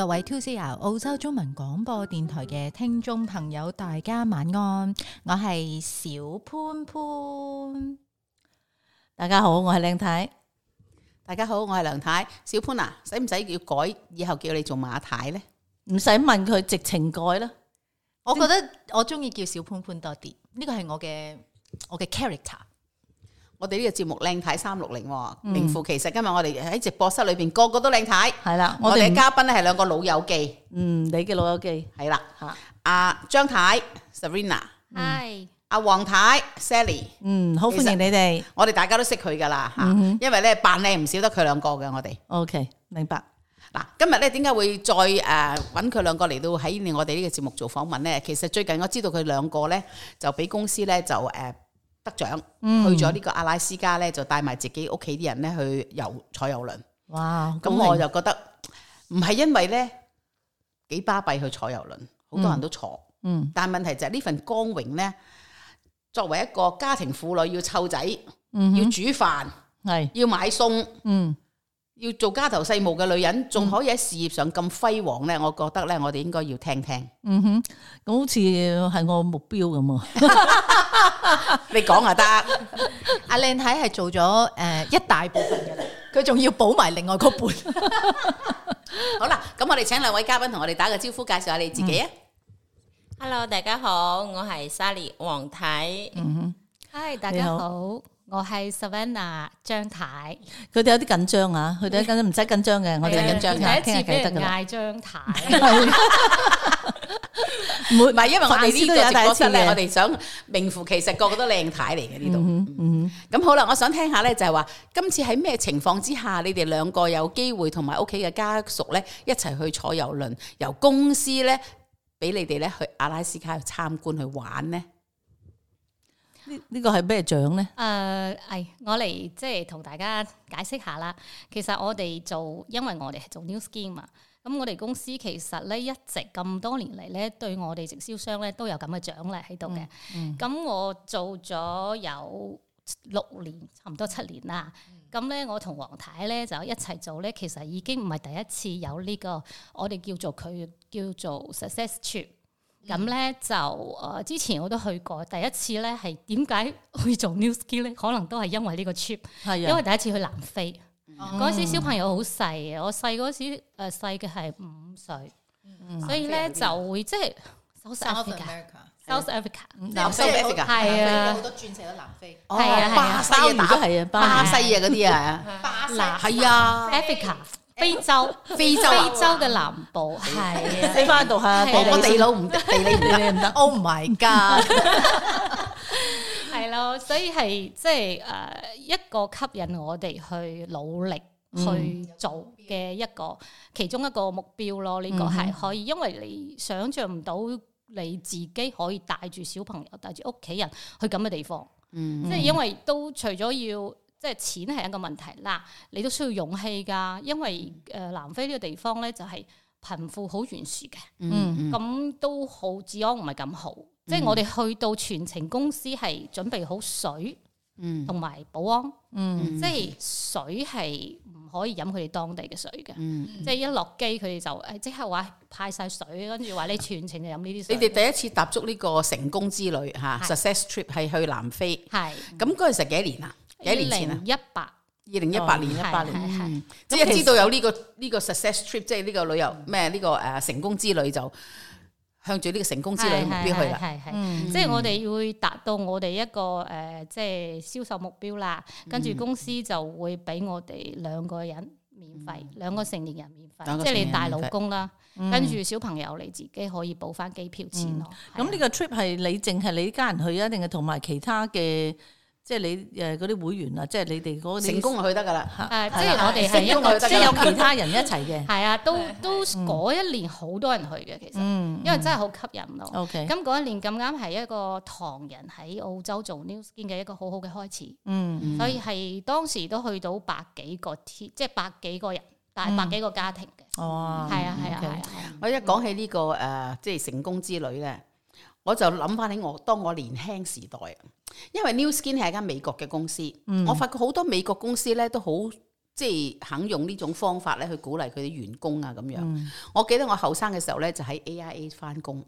各位 2CR，澳洲中文廣播電台嘅聽眾朋友，大家晚安，我係小潘潘。大家好，我係靚太。大家好，我係梁太。小潘啊，使唔使要改以後叫你做馬太呢？唔使問佢，直情改啦。我覺得我中意叫小潘潘多啲，呢個係我嘅我嘅 character。我哋呢個節目靚太三六零，名副其實。今日我哋喺直播室裏邊，個個都靚太。係啦，我哋嘅嘉賓咧係兩個老友記。嗯，你嘅老友記係啦吓。阿張太 Savanna，係。阿黃太 Sally，嗯，好歡迎你哋。我哋大家都識佢噶啦吓，因為咧扮靚唔少得佢兩個嘅我哋。OK，明白。嗱，今日咧點解會再誒揾佢兩個嚟到喺我哋呢個節目做訪問咧？其實最近我知道佢兩個咧就俾公司咧就誒。獎、嗯、去咗呢個阿拉斯加呢，就帶埋自己屋企啲人呢去遊坐遊輪。哇！咁我就覺得唔係因為呢幾巴閉去坐遊輪，好、嗯、多人都坐。嗯，但係問題就係呢份光榮呢，作為一個家庭婦女要湊仔，嗯、哼要煮飯，是要買餸，嗯。要做家頭細務嘅女人，仲可以喺事業上咁輝煌呢？我覺得呢，我哋應該要聽聽。嗯哼，咁好似係我目標咁啊！你講啊得，阿靚太係做咗誒一大部分嘅，佢仲要補埋另外嗰半。好啦，咁我哋請兩位嘉賓同我哋打個招呼，介紹下你自己啊！Hello，大家好，我係莎莉黃太。嗯哼，Hi，大家好。我係 Savanna 張太，太，佢哋有啲緊張啊，佢哋緊張，唔使緊張嘅，緊張的我哋緊張嘅，的第一次嗌張太，唔係，因為我哋呢個直播室咧，我哋想名副其實，個個都靚太嚟嘅呢度。咁、嗯嗯、好啦，我想聽下咧，就係話今次喺咩情況之下，你哋兩個有機會同埋屋企嘅家屬咧，一齊去坐遊輪，由公司咧俾你哋咧去阿拉斯加去參觀去玩呢？呢呢個係咩獎呢？誒，誒，我嚟即係同大家解釋下啦。其實我哋做，因為我哋係做 Nu Skin 嘛。咁我哋公司其實咧一直咁多年嚟咧，對我哋直銷商咧都有咁嘅獎勵喺度嘅。咁、嗯嗯、我做咗有六年，差唔多七年啦。咁咧、嗯，我同黃太咧就一齊做咧，其實已經唔係第一次有呢、呢個我哋叫做佢叫做 success trip。咁咧就誒，之前我都去過，第一次咧係點解去做 newskill 咧？可能都係因為呢個 trip，因為第一次去南非，嗰陣時小朋友好細嘅，我細嗰時誒細嘅係五歲，所以咧就會即係 South Africa，South Africa，南 South Africa 係啊，好多鑽石都南非，哦，巴西打係啊，巴西啊嗰啲啊，巴係啊 Africa。非洲，非洲、啊，非洲嘅南部，係、啊啊、你翻到下我地佬唔得，地理唔得，唔得 ，Oh my god！係咯、 啊，所以係即係誒，一個吸引我哋去努力去做嘅一個，嗯、其中一個目標咯。呢、這個係可以，嗯、因為你想象唔到你自己可以帶住小朋友，帶住屋企人去咁嘅地方，即係、嗯、因為都除咗要。即係錢係一個問題嗱，你都需要勇氣噶，因為誒南非呢個地方咧就係貧富好懸殊嘅，嗯，咁都好治安唔係咁好，即係我哋去到全程公司係準備好水，同埋保安，即係水係唔可以飲佢哋當地嘅水嘅，即係一落機佢哋就誒即刻話派晒水，跟住話你全程就飲呢啲水。你哋第一次踏足呢個成功之旅吓，success trip 係去南非，係，咁嗰陣時幾多年啊？幾年前啊？二零一八，二零一八年，一八年係，即係知道有呢個呢個 success trip，即係呢個旅遊咩呢個誒成功之旅，就向住呢個成功之旅目標去啦，係係，即係我哋會達到我哋一個誒即係銷售目標啦，跟住公司就會俾我哋兩個人免費，兩個成年人免費，即係你帶老公啦，跟住小朋友你自己可以補翻機票錢咯。咁呢個 trip 係你淨係你家人去啊，定係同埋其他嘅？即係你誒嗰啲會員啊，即係你哋成功去得噶啦。誒，即 係樂、就是、我哋係一個即係有其他人一齊嘅。係啊，都都嗰一年好多人去嘅，其實，因為真係好吸引咯。o 咁嗰一年咁啱係一個唐人喺澳洲做 New s k 嘅一個好好嘅開始。嗯嗯、所以係當時都去到百幾個天，即、就、係、是、百幾個人，但係百幾個家庭嘅。哦、嗯，係啊，係啊，係啊。嗯 okay、我一講起呢、這個誒，即係、呃就是、成功之旅咧。我就諗翻起我當我年輕時代，因為 New Skin 係間美國嘅公司，嗯、我發覺好多美國公司咧都好即係肯用呢種方法咧去鼓勵佢啲員工啊咁樣。嗯、我記得我後生嘅時候咧就喺 AIA 翻工，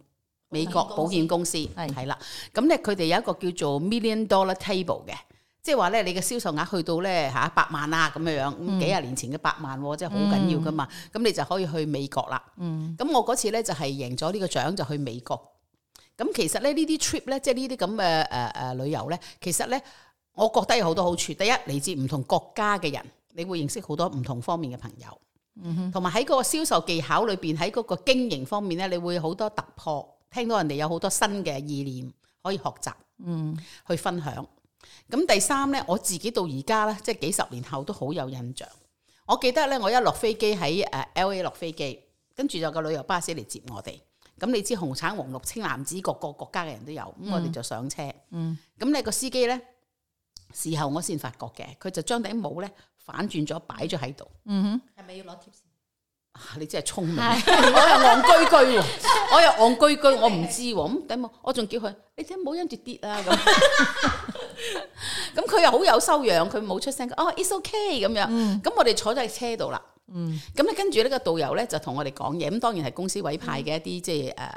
美國保險公司係啦。咁咧佢哋有一個叫做 Million Dollar Table 嘅，即係話咧你嘅銷售額去到咧吓百萬啊咁樣樣，咁幾廿年前嘅百萬，即係好緊要噶嘛。咁、嗯、你就可以去美國啦。咁、嗯、我嗰次咧就係贏咗呢個獎就去美國。咁其實咧，呢啲 trip 咧，即係呢啲咁嘅誒誒旅遊咧，其實咧，我覺得有好多好處。第一，嚟自唔同國家嘅人，你會認識好多唔同方面嘅朋友。嗯哼，同埋喺嗰個銷售技巧裏邊，喺嗰個經營方面咧，你會好多突破，聽到人哋有好多新嘅意念可以學習。嗯，去分享。咁第三咧，我自己到而家咧，即係幾十年後都好有印象。我記得咧，我一落飛機喺誒 LA 落飛機，跟住就個旅遊巴士嚟接我哋。咁你知紅橙黃綠青藍紫，各個國家嘅人都有，咁我哋就上車。咁你個司機咧，事後我先發覺嘅，佢就將頂帽咧反轉咗擺咗喺度。嗯哼，係咪要攞貼士？你真係聰明，我又戇居居，我又戇居居，我唔知。咁頂帽，我仲叫佢，你頂帽忍住跌啊！咁，咁佢又好有修養，佢冇出聲。哦，it's okay 咁樣。咁我哋坐咗喺車度啦。嗯，咁咧跟住，呢個導遊咧就同我哋講嘢，咁當然係公司委派嘅一啲即係誒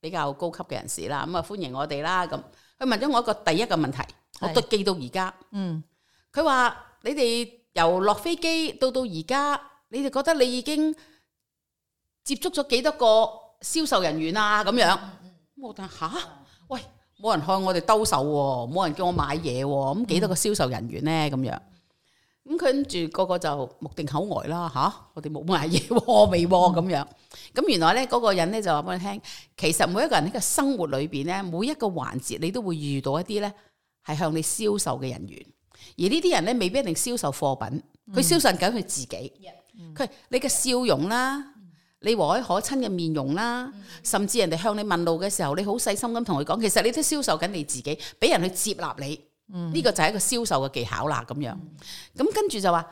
比較高級嘅人士啦，咁啊、嗯、歡迎我哋啦，咁佢問咗我一個第一個問題，是我都記到而家，嗯，佢話你哋由落飛機到到而家，你哋覺得你已經接觸咗幾多個銷售人員啊，咁樣。咁我話吓，喂，冇人向我哋兜售喎，冇人叫我買嘢喎，咁幾、嗯、多個銷售人員咧，咁樣。咁佢跟住個個就目定口呆啦，吓、啊、我哋冇賣嘢未咁樣。咁原來咧，嗰、那個人咧就話俾你聽，其實每一個人喺個生活裏邊咧，每一個環節你都會遇到一啲咧，係向你銷售嘅人員。而呢啲人咧，未必一定銷售貨品，佢銷售緊佢自己。佢、嗯、你嘅笑容啦，嗯、你和藹可親嘅面容啦，嗯、甚至人哋向你問路嘅時候，你好細心咁同佢講，其實你都銷售緊你自己，俾人去接納你。呢、嗯、個就係一個銷售嘅技巧啦，咁樣，咁跟住就話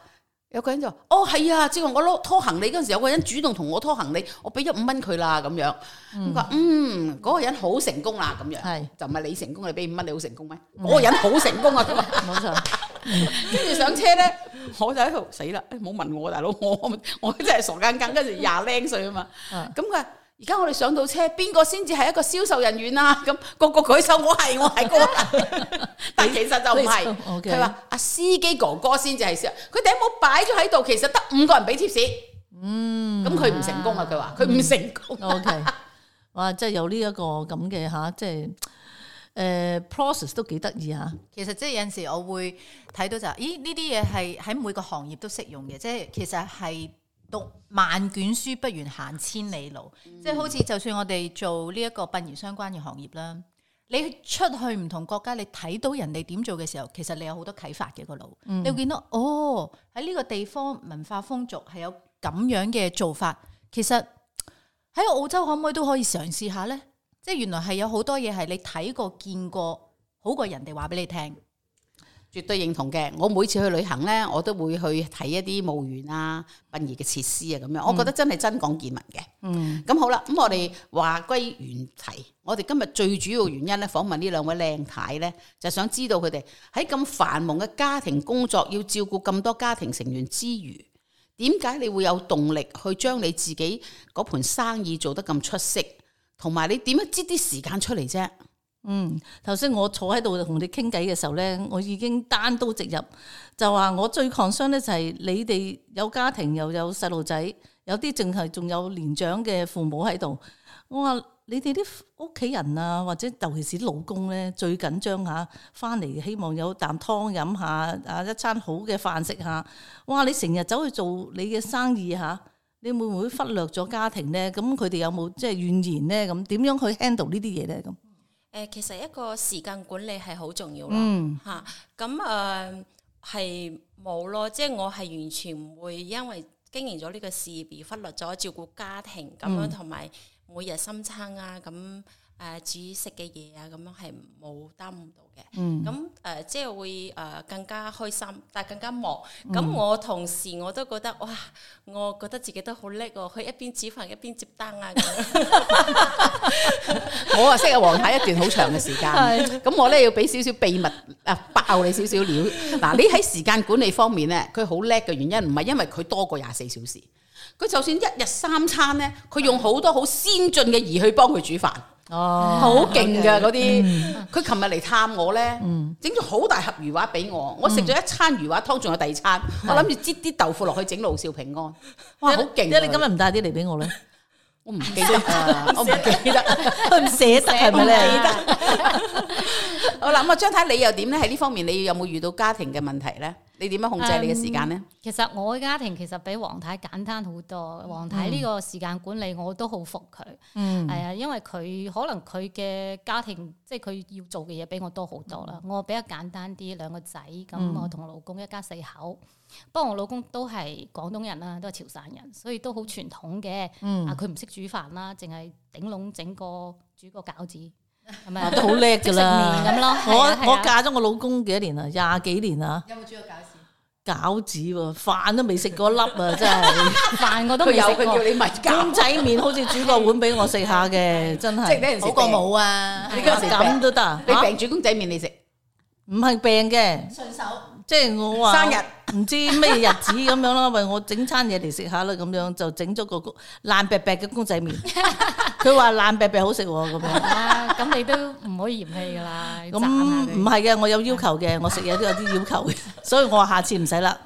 有個人就，哦係啊，正話我攞拖行李嗰陣時，有個人主動同我拖行李，我俾咗五蚊佢啦，咁樣，咁佢話嗯，嗯，嗰、那個人好成功啦，咁樣，係是 就唔係你成功，你俾五蚊你好成功咩？嗰、嗯、個人好成功啊，冇錯，跟住、嗯、 上車咧，我就喺度死啦，誒，好問我大佬，我我，我真係傻更更，跟住廿零歲啊嘛，咁佢。而家我哋上到車，邊個先至係一個銷售人員啊？咁個個舉手，我係我係個 但其實就唔係。佢話阿司機哥哥先至係，佢頂帽擺咗喺度，其實得五個人俾貼士。嗯，咁佢唔成功啊！佢話佢唔成功。O、okay. K，哇，即係有呢一個咁嘅吓，即係誒、呃、process 都幾得意吓。其實即係有陣時我會睇到就話，咦呢啲嘢係喺每個行業都適用嘅，即係其實係。讀萬卷書不如行千里路，嗯、即係好似就算我哋做呢一個殯儀相關嘅行業啦，你出去唔同國家，你睇到人哋點做嘅時候，其實你有好多啟發嘅、個腦，嗯、你會見到哦喺呢個地方文化風俗係有咁樣嘅做法，其實喺澳洲可唔可以都可以嘗試下呢？即係原來係有好多嘢係你睇過見過，好過人哋話俾你聽。絕對認同嘅，我每次去旅行呢，我都會去睇一啲墓園啊、殯儀嘅設施啊，咁樣，嗯、我覺得真係真講見聞嘅。嗯，咁好啦，咁我哋話歸原題，我哋今日最主要原因呢，訪問呢兩位靚太呢，就是、想知道佢哋喺咁繁忙嘅家庭工作，要照顧咁多家庭成員之餘，點解你會有動力去將你自己嗰盤生意做得咁出色，同埋你點樣擠啲時間出嚟啫？嗯，頭先我坐喺度同你傾偈嘅時候咧，我已經單刀直入就話我最抗傷咧就係你哋有家庭又有細路仔，有啲淨係仲有年長嘅父母喺度。我話你哋啲屋企人啊，或者尤其是老公咧，最緊張吓，翻嚟，希望有啖湯飲下，啊一餐好嘅飯食下。哇！你成日走去做你嘅生意吓，啊，你會唔會忽略咗家庭咧？咁佢哋有冇即係怨言咧？咁點樣去 handle 呢啲嘢咧？咁？誒，其實一個時間管理係好重要咯，吓，咁誒係冇咯，即係、呃就是、我係完全唔會因為經營咗呢個事業而忽略咗照顧家庭咁、嗯、樣，同埋每日三餐啊咁。誒煮食嘅嘢啊，咁樣係冇耽誤到嘅。咁誒即係會誒更加開心，但係更加忙。咁我同時我都覺得哇，我覺得自己都好叻喎。佢一邊煮飯一邊接單啊。咁我啊識阿黃太一段好長嘅時間。咁我咧要俾少少秘密啊，爆你少少料。嗱，你喺時間管理方面咧，佢好叻嘅原因唔係因為佢多過廿四小時，佢就算一日三餐咧，佢用好多好先進嘅儀去幫佢煮飯。哦，好勁噶嗰啲，佢琴日嚟探我咧，整咗好大盒魚滑俾我，我食咗一餐魚滑湯，仲有第二餐，嗯、我諗住擠啲豆腐落去整老少平安，的哇，好勁，即係你今日唔帶啲嚟俾我咧？ 我唔記得 我唔記得，佢唔寫寫，我唔記得。我諗啊，張太你又點咧？喺呢方面，你有冇遇到家庭嘅問題咧？你點樣控制你嘅時間咧、嗯？其實我嘅家庭其實比黃太簡單好多。黃太呢個時間管理我都好服佢，係啊、嗯，因為佢可能佢嘅家庭即係佢要做嘅嘢比我多好多啦。嗯、我比較簡單啲，兩個仔咁、嗯、我同老公一家四口。不過我老公都係廣東人啦，都係潮汕人，所以都好傳統嘅。嗯、啊，佢唔識煮飯啦，淨係頂籠整個煮個餃子，係咪都好叻㗎啦？食麵咁咯、啊啊。我我嫁咗我老公幾多年啦？廿幾年啦。有冇煮過餃子？餃子喎、啊，飯都未食過一粒啊！真係飯我都未有。佢叫你咪公仔麵，好似煮個碗俾我食下嘅，真係食嘅。 好過冇啊！你嗰時咁都得，啊、你病煮公仔麵嚟食，唔係、啊、吃病嘅，順手。即係我話，生日，唔知咩日子咁樣咯，為我整餐嘢嚟食下啦咁樣，樣就整咗個爛白白嘅公仔麵。佢話 爛白白,白好食喎咁樣。咁 你都唔可以嫌棄㗎啦。咁唔係嘅，我有要求嘅，我食嘢都有啲要求嘅，所以我話下次唔使啦。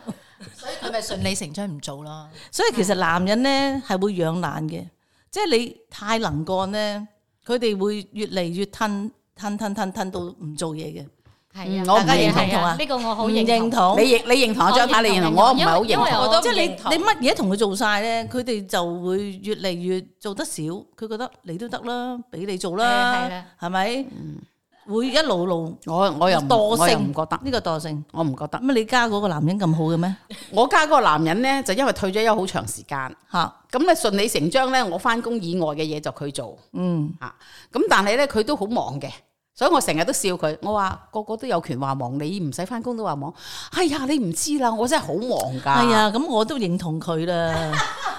所以佢咪順理成章唔做啦。 所以其實男人咧係會養懶嘅，即係你太能幹咧，佢哋會越嚟越吞,吞吞吞吞吞到唔做嘢嘅。係啊，大家認唔認同啊？呢個我好認同。你認你認同我張牌，你認同我唔係好認同。即係你你乜嘢同佢做晒咧？佢哋就會越嚟越做得少。佢覺得你都得啦，俾你做啦，係咪？會一路路。我我又我又唔覺得呢個惰性，我唔覺得。咁你家嗰個男人咁好嘅咩？我家嗰個男人咧，就因為退咗休好長時間嚇，咁咧順理成章咧，我返工以外嘅嘢就佢做。嗯啊，咁但係咧，佢都好忙嘅。所以我成日都笑佢，我話個個都有權話忙，你唔使翻工都話忙。哎呀，你唔知啦，我真係好忙噶。係啊、哎，咁我都認同佢啦。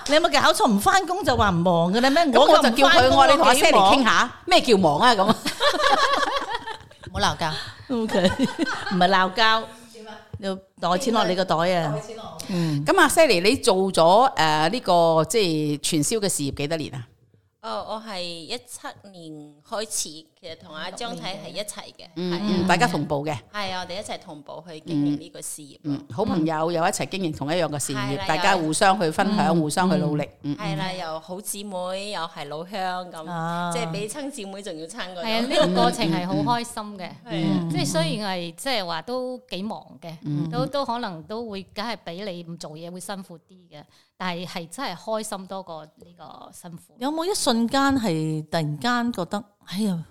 你有冇搞錯？唔翻工就話唔忙嘅咧咩？我就，就叫佢我話你同阿 Sally 傾下，咩叫忙啊？咁唔好鬧交，OK，唔係鬧交。點樣啊？你袋錢落你個袋啊？咁阿 Sally，你做咗誒呢個即係傳銷嘅事業幾多年啊？哦，我係一七年開始，其實同阿張太係一齊嘅，嗯，啊、大家同步嘅，係啊，我哋一齊同步去經營呢個事業，嗯，嗯，好朋友又一齊經營同一樣嘅事業，大家互相去分享，嗯、互相去努力，嗯，係啦，又好姊妹，又係老鄉咁，即係比親姊妹仲要親過，係啊，呢、這個過程係好開心嘅，係啊，即係雖然係即係話都幾忙嘅，都、嗯嗯、都可能都會，梗係比你唔做嘢會辛苦啲嘅。係係真係開心多過呢個辛苦。有冇一瞬間係突然間覺得，哎呀！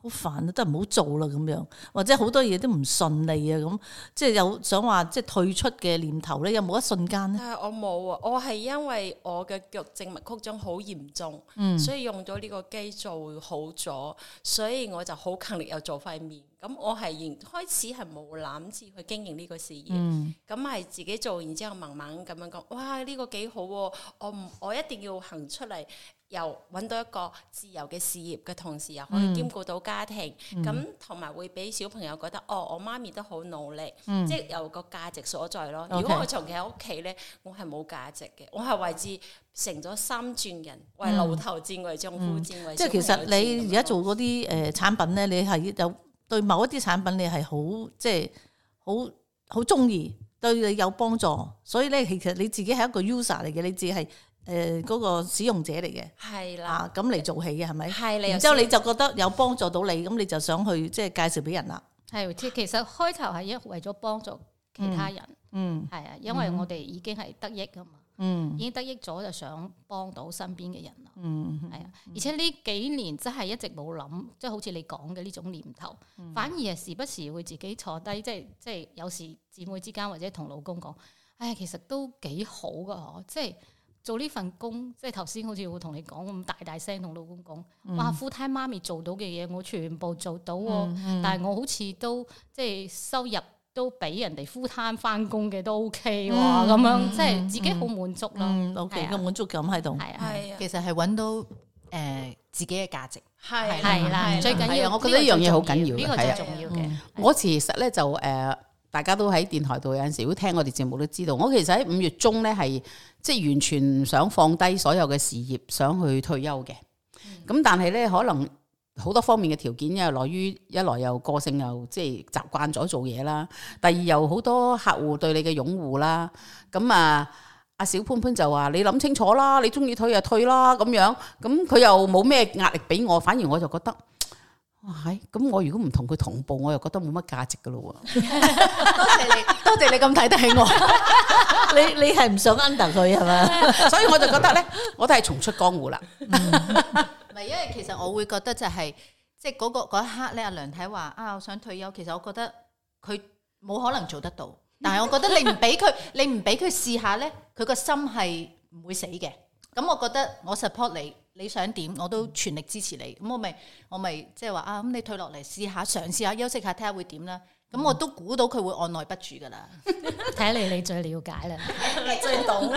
好煩啊，都唔好做啦咁樣，或者好多嘢都唔順利啊咁，即係有想話即係退出嘅念頭咧，有冇一瞬間咧？我冇啊，我係因為我嘅腳靜脈曲張好嚴重，嗯、所以用咗呢個機做好咗，所以我就好勤力又做塊面。咁我係原開始係冇諗住去經營呢個事業，咁係、嗯、自己做完之後慢慢咁樣講，哇呢、這個幾好，啊，我唔我一定要行出嚟。又揾到一個自由嘅事業嘅同時，又可以兼顧到家庭，咁同埋會俾小朋友覺得，哦，我媽咪都好努力，嗯、即係有個價值所在咯。Okay. 如果我長期喺屋企咧，我係冇價值嘅，我係為之成咗三轉人，為牛頭戰，為丈夫戰，嗯、為小朋友戰，即係其實你而家做嗰啲誒產品咧，你係有對某一啲產品你係好即係好好中意，對你有幫助，所以咧其實你自己係一個 user 嚟嘅，你只係。誒，嗰、呃那個使用者嚟嘅係啦，咁嚟的、啊、做起嘅係咪？係的然之後你就覺得有幫助到你，咁的你就想去即係介紹俾人啦。係，其實開頭係一為咗幫助其他人，嗯，係、嗯、啊，因為我哋已經係得益噶嘛，嗯，已經得益咗，就想幫到身邊嘅人啦、嗯，嗯，係啊。而且呢幾年真係一直冇諗，即、就、係、是、好似你講嘅呢種念頭，嗯、反而係時不時會自己坐低，即係即係有時姊妹之間或者同老公講，唉、哎，其實都幾好噶，嗬、就是，即係。做呢份工，即係頭先好似會同你講咁，大大聲同老公講，哇，full time 媽咪做到嘅嘢，我全部做到，但係我好似都即係收入都畀人哋 full time 返工嘅都 OK 咁樣，即係自己好滿足啦，有幾嘅滿足感喺度，係啊，其實係搵到誒自己嘅價值，係係啦，最緊要，我覺得一樣嘢好緊要，呢個最重要嘅。我其實咧就誒。大家都喺電台度有陣時會聽我哋節目，都知道我其實喺五月中咧係即係完全唔想放低所有嘅事業，想去退休嘅。咁、嗯、但係咧可能好多方面嘅條件，一來於一來又個性又即係習慣咗做嘢啦，第二又好多客戶對你嘅擁護啦。咁啊，阿小潘潘就話你諗清楚啦，你中意退就退啦咁樣。咁佢又冇咩壓力俾我，反而我就覺得。哇！咁我如果唔同佢同步，我又覺得冇乜價值噶咯喎。多謝你，多謝你咁睇得起我。你你係唔想 under 佢係嘛？所以我就覺得咧，我都係重出江湖啦。唔係，因為其實我會覺得就係，即係嗰個嗰一刻咧，阿梁太話啊，我想退休。其實我覺得佢冇可能做得到。但係我覺得你唔俾佢，你唔俾佢試下咧，佢個心係唔會死嘅。咁我覺得我 support 你。你想點，我都全力支持你。嗯、咁我咪，我咪即係話啊，咁你退落嚟試下，嘗試下休息下，睇下會點啦。咁、嗯、我都估到佢會按耐不住噶啦，睇嚟你最了解啦，係最懂。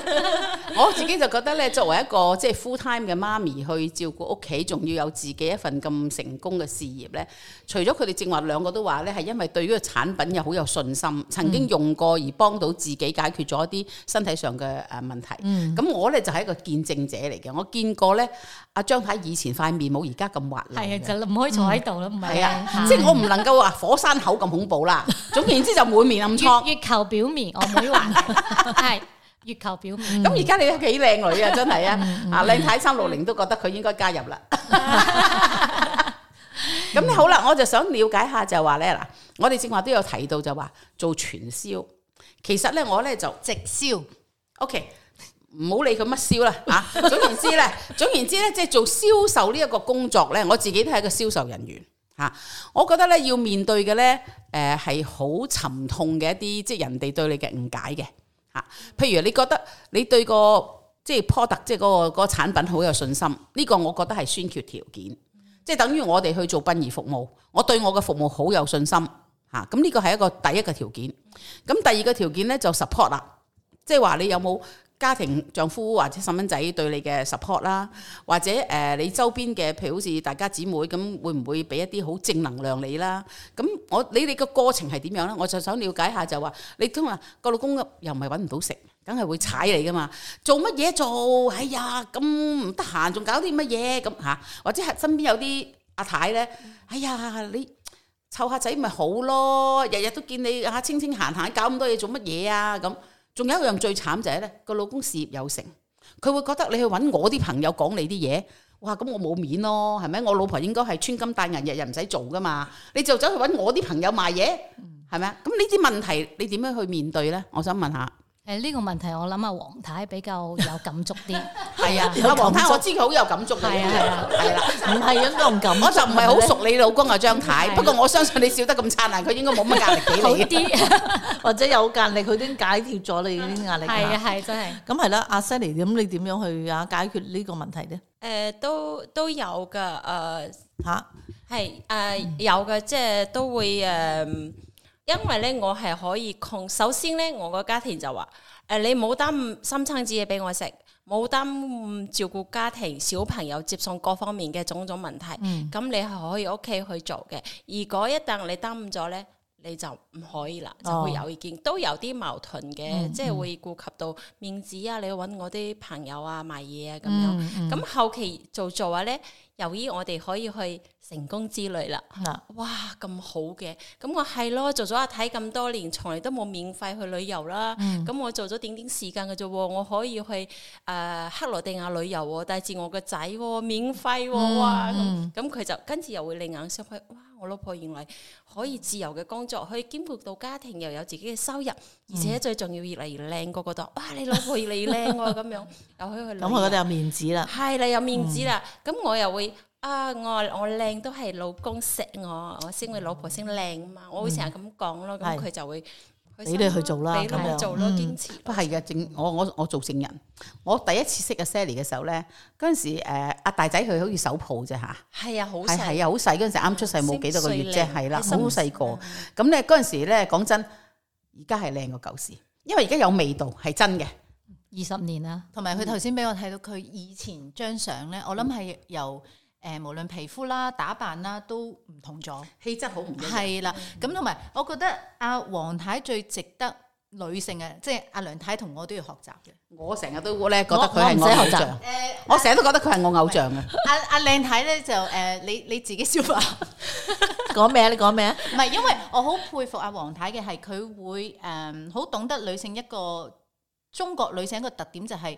我自己就覺得咧，作為一個即係 full time 嘅媽咪去照顧屋企，仲要有自己一份咁成功嘅事業咧。除咗佢哋正話兩個都話咧，係因為對於個產品又好有信心，曾經用過而幫到自己解決咗一啲身體上嘅誒問題。咁、嗯、我咧就係一個見證者嚟嘅，我見過咧阿張太以前塊面冇而家咁滑。係啊，就唔可以坐喺度咯，唔係啊，啊 即係我唔能夠話火山口咁恐怖。好啦，總言之就滿面暗瘡。月球表面，我唔會話係月球表面。咁而家你都幾靚女啊，真係啊！嗯嗯、啊，靚太三六零都覺得佢應該加入啦。咁 咧、 嗯、好啦，我就想了解下就話咧嗱，我哋正話都有提到就話做傳銷，其實咧我咧就直銷。OK，唔好理佢乜銷啦啊！總言之咧， 總言之咧，即、就、係、是、做銷售呢一個工作咧，我自己都係一個銷售人員。啊！我覺得咧要面對嘅咧，誒係好沉痛嘅一啲，即係人哋對你嘅誤解嘅。嚇，譬如你覺得你對 product，個即係 product 即係嗰個嗰產品好有信心，呢個我覺得係先決條件。即係等於我哋去做殯儀服務，我對我嘅服務好有信心。嚇，咁呢個係一個第一個條件。咁第二個條件咧就 support 啦，即係話你有冇？家庭丈夫或者細蚊仔對你嘅 support 啦，或者誒你周邊嘅譬如好似大家姊妹咁，會唔會俾一啲好正能量你啦？咁我你哋個過程係點樣咧？我就想了解下就話，你通啊個老公又唔係搵唔到食，梗係會踩你㗎嘛？做乜嘢做？哎呀咁唔得閒，仲搞啲乜嘢？咁嚇或者係身邊有啲阿太咧？哎呀你湊下仔咪好咯，日日都見你啊清清閒閒，搞咁多嘢做乜嘢啊咁？仲有一樣最慘就係咧，個老公事業有成，佢會覺得你去揾我啲朋友講你啲嘢，哇咁我冇面咯，係咪？我老婆應該係穿金戴銀，日日唔使做噶嘛，你就走去揾我啲朋友賣嘢，係咪啊？咁呢啲問題你點樣去面對呢？我想問下。誒，呢個問題我諗阿黃太比較有感觸啲，係啊，阿黃太我知佢好有感觸嘅，係啊係啊，係啦，唔係應該唔敢。我就唔係好熟你老公啊張太，不過我相信你笑得咁燦爛，佢應該冇乜壓力俾你嘅，好啲，或者有壓力佢都解脱咗你啲壓力，係啊係真係，咁係啦，阿 Sally，咁你點樣去啊解決呢個問題咧？誒，都都有噶，誒，吓係誒有嘅，即係都會誒。因為咧，我係可以控。首先咧，我個家庭就話，誒、呃，你冇耽誤三餐煮嘢俾我食，冇耽誤照顧家庭、小朋友接送各方面嘅種種問題。咁、嗯、你係可以屋企去做嘅。如果一旦你耽誤咗咧，你就唔可以啦，哦、就會有意見，都有啲矛盾嘅，嗯、即係會顧及到面子、嗯、啊。你搵我啲朋友啊，賣嘢啊咁樣。咁後期做做下咧，由於我哋可以去。成功之旅啦，哇咁好嘅，咁我係咯，做咗阿太咁多年，從來都冇免費去旅遊啦，咁我做咗點點時間嘅啫，我可以去誒、呃、克羅地亞旅遊，帶住我個仔、哦，免費、哦，哇咁，佢、嗯嗯、就跟住又會另眼相看，哇，我老婆原來可以自由嘅工作，可以兼顧到家庭，又有自己嘅收入，嗯、而且最重要越嚟越靚，個、個都話，哇，你老婆越嚟越靚啊，咁 樣又可以去，咁我覺得有面子啦，係、嗯、啦，有面子啦，咁我又會。啊！我我靚都係老公錫我，我先會老婆先靚嘛。我會成日咁講咯，咁佢就會，你都去做啦，咁樣做咯，堅持。不係嘅，證我我我做證人。我第一次識阿 Sally 嘅時候咧，嗰陣時誒阿大仔佢好似手抱啫吓。係啊，好細啊，好細嗰陣時啱出世冇幾多個月啫，係啦，好細個。咁咧嗰陣時咧，講真，而家係靚過舊時，因為而家有味道係真嘅。二十年啦，同埋佢頭先俾我睇到佢以前張相咧，我諗係由。誒，無論皮膚啦、打扮啦，都唔同咗，氣質好唔一樣。係啦，咁同埋，我覺得阿黃太最值得女性嘅，即係阿梁太同我都要學習嘅。我成日都咧覺得佢係我偶像。誒，我成日都覺得佢係我偶像嘅。阿阿靚太咧就誒，你你自己消化。講咩啊？你講咩啊？唔係，因為我好佩服阿黃太嘅係，佢會誒好懂得女性一個中國女性一個特點，就係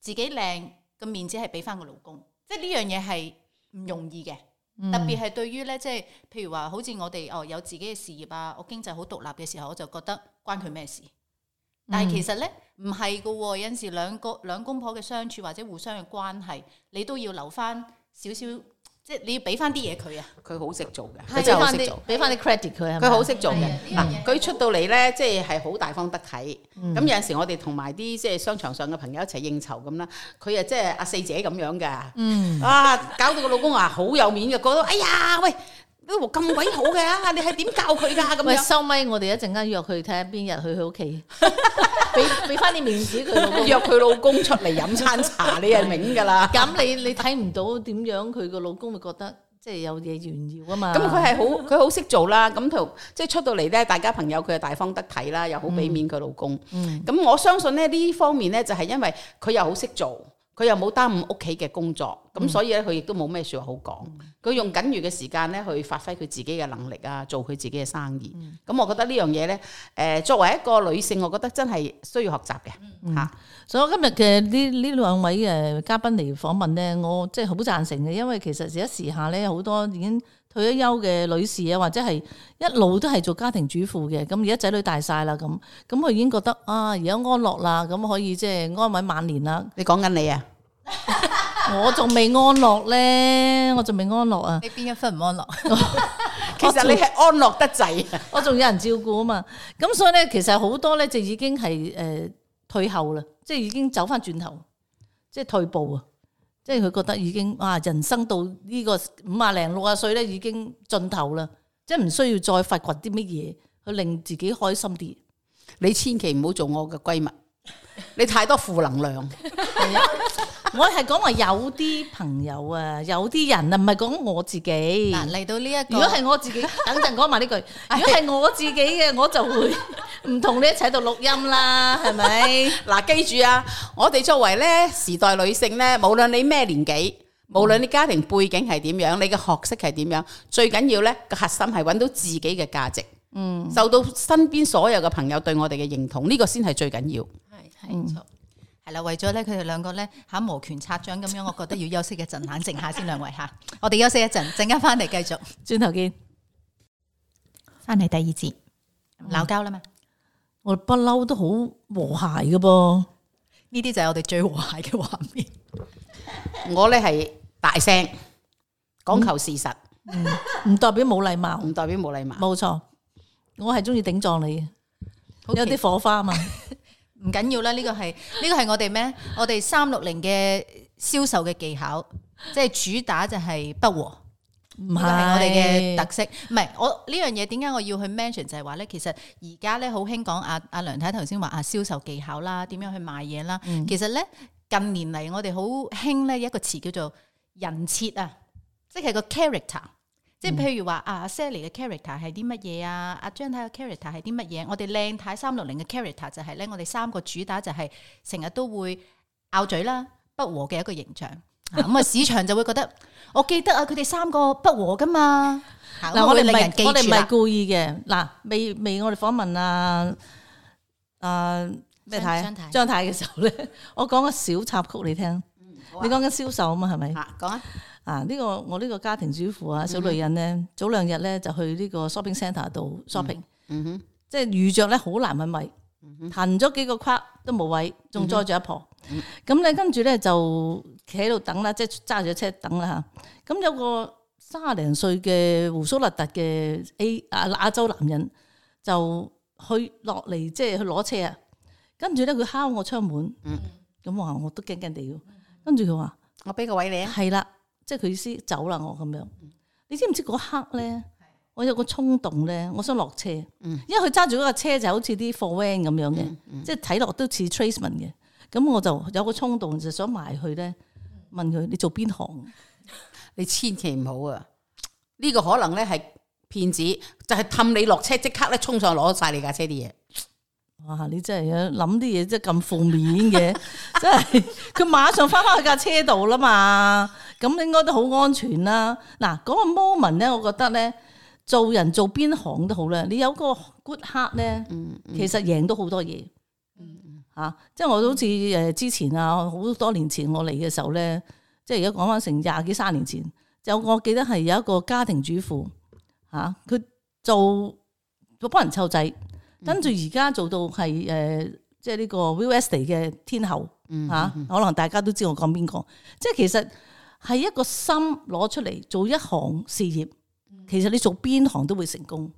自己靚個面子係俾翻個老公。即係呢樣嘢係唔容易嘅，嗯、特別係對於咧，即係譬如話，好似我哋哦有自己嘅事業啊，我經濟好獨立嘅時候，我就覺得關佢咩事。但係其實咧唔係㗎喎，有陣時兩個兩公婆嘅相處或者互相嘅關係，你都要留翻少少。即係你要俾翻啲嘢佢啊，佢好識做嘅，佢真係好識做，俾翻啲 credit 佢啊。佢好識做嘅，嗱佢出到嚟咧，即係係好大方得體。咁、嗯、有陣時我哋同埋啲即係商場上嘅朋友一齊應酬咁啦，佢又即係阿四姐咁樣㗎，嗯、啊搞到個老公話好有面嘅，覺得哎呀喂。咁鬼好嘅，你係點教佢噶咁樣？收咪，我哋一陣間約佢睇下邊日去佢屋企，俾俾翻啲面子佢，老公 約佢老公出嚟飲餐茶，你係明噶啦。咁 你你睇唔到點樣，佢個老公會覺得即係、就是、有嘢炫耀啊嘛。咁佢係好，佢好識做啦。咁同即係出到嚟咧，大家朋友佢又大方得體啦，又好俾面佢老公。咁我相信咧呢方面咧，就係因為佢又好識做。佢又冇耽誤屋企嘅工作，咁、嗯、所以咧佢亦都冇咩說話好講。佢、嗯、用緊餘嘅時間咧去發揮佢自己嘅能力啊，做佢自己嘅生意。咁我覺得呢樣嘢咧，誒作為一個女性，我覺得真係需要學習嘅嚇。嗯、下，所以今日嘅呢呢兩位誒嘉賓嚟訪問咧，我即係好贊成嘅，因為其實而家時下咧好多已經。退咗休嘅女士啊，或者係一路都係做家庭主婦嘅，咁而家仔女大晒啦，咁咁佢已經覺得啊，而家安樂啦，咁可以即係安穩晚年啦。你講緊你啊？ 我仲未安樂咧，我仲未安樂啊！你邊一分唔安樂？ 其實你係安樂得滯啊！ 我仲有人照顧啊嘛，咁所以咧，其實好多咧就已經係誒退後啦，即係已經走翻轉頭，即係退步啊！即係佢覺得已經啊，人生到呢個五啊零六啊歲咧已經盡頭啦，即係唔需要再發掘啲乜嘢去令自己開心啲。你千祈唔好做我嘅閨蜜， 你太多負能量。我係講話有啲朋友啊，有啲人啊，唔係講我自己。嗱，嚟到呢一個，如果係我自己，等陣講埋呢句。如果係我自己嘅，我就會唔同你一齊度錄音啦，係咪？嗱，記住啊，我哋作為呢時代女性呢，無論你咩年紀，無論你家庭背景係點樣，你嘅學識係點樣，最緊要呢個核心係搵到自己嘅價值。嗯，受到身邊所有嘅朋友對我哋嘅認同，呢個先係最緊要。係，係唔錯。係啦，為咗咧，佢哋兩個咧吓無拳插掌，咁樣，我覺得要休息一陣，冷靜下先，兩位吓，我哋休息一陣，陣間翻嚟繼續，轉頭見，翻嚟第二節，鬧交啦嘛，我哋不嬲都好和諧嘅噃，呢啲就係我哋最和諧嘅畫面。 我咧係大聲講求事實，唔、嗯嗯、代表冇禮貌，唔 代表冇禮貌，冇錯，我係中意頂撞你，有啲火花啊嘛。唔緊要啦，呢個係呢個係我哋咩？ 我哋三六零嘅銷售嘅技巧，即係主打就係不和，唔係是我哋嘅特色。唔係我呢樣嘢，點解我要去 mention 就係話咧？其實而家咧好興講阿阿梁太頭先話啊，銷售技巧啦，點樣去賣嘢啦？嗯，其實咧近年嚟，我哋好興咧一個詞叫做人設啊，即係個 character。即係譬如話阿 Sally 嘅 character 係啲乜嘢啊？阿張太嘅 character 係啲乜嘢？我哋靚太三六零嘅 character 就係咧，我哋三個主打就係成日都會拗嘴啦，不和嘅一個形象。咁啊，市場就會覺得，我記得啊，佢哋三個不和噶嘛。嗱，我哋唔係我哋唔係故意嘅。嗱，未未我哋訪問啊啊咩太張太張太嘅時候咧，我講個小插曲你聽。你講緊銷售啊嘛，係咪？啊，講啊。啊！呢、這個我呢個家庭主婦啊，小女人咧，嗯、早兩日咧就去呢個 shopping center 度 shopping，即係預着咧好難搵、嗯、位，行咗幾個框都冇位，仲載住阿婆，咁咧、嗯、跟住咧就企喺度等啦、就是啊嗯啊，即係揸住車等啦吓。咁有個三十零歲嘅胡鬚邋遢嘅 A 啊亞洲男人就去落嚟，即係去攞車啊。跟住咧佢敲 eagle, 我窗門，咁、嗯、啊我都驚驚地，跟住佢話：我俾個位你啊！係啦。即係佢意思走啦，我咁樣。你知唔知嗰刻咧？我有個衝動咧，我想落車。因為佢揸住嗰架車就好似啲貨 van 咁樣嘅，嗯嗯、即係睇落都似 tradesman 嘅。咁我就有個衝動就想埋去咧問佢：你做邊行？你千祈唔好啊！呢、呢個可能咧係騙子，就係、係、氹你落車，即刻咧衝上攞晒你架車啲嘢。哇！你真係諗啲嘢，真係咁負面嘅， 真係佢馬上翻翻去架車度啦嘛，咁 應該都好安全啦。嗱，嗰個 moment 咧，我覺得咧，做人做邊行都好啦，你有個 good heart 咧，嗯嗯、其實贏都好多嘢。吓、嗯、即、嗯、係、啊就是，我好似誒之前啊，好、嗯嗯、多年前我嚟嘅時候咧，即係而家講翻成廿幾三十年前，就我記得係有一個家庭主婦吓，佢、啊、做幫人湊仔。跟住而家做到係誒，即係呢個 VS 嘅天后，吓，可能大家都知我講邊個。即係其實係一個心攞出嚟做一行事業，其實你做邊行都會成功。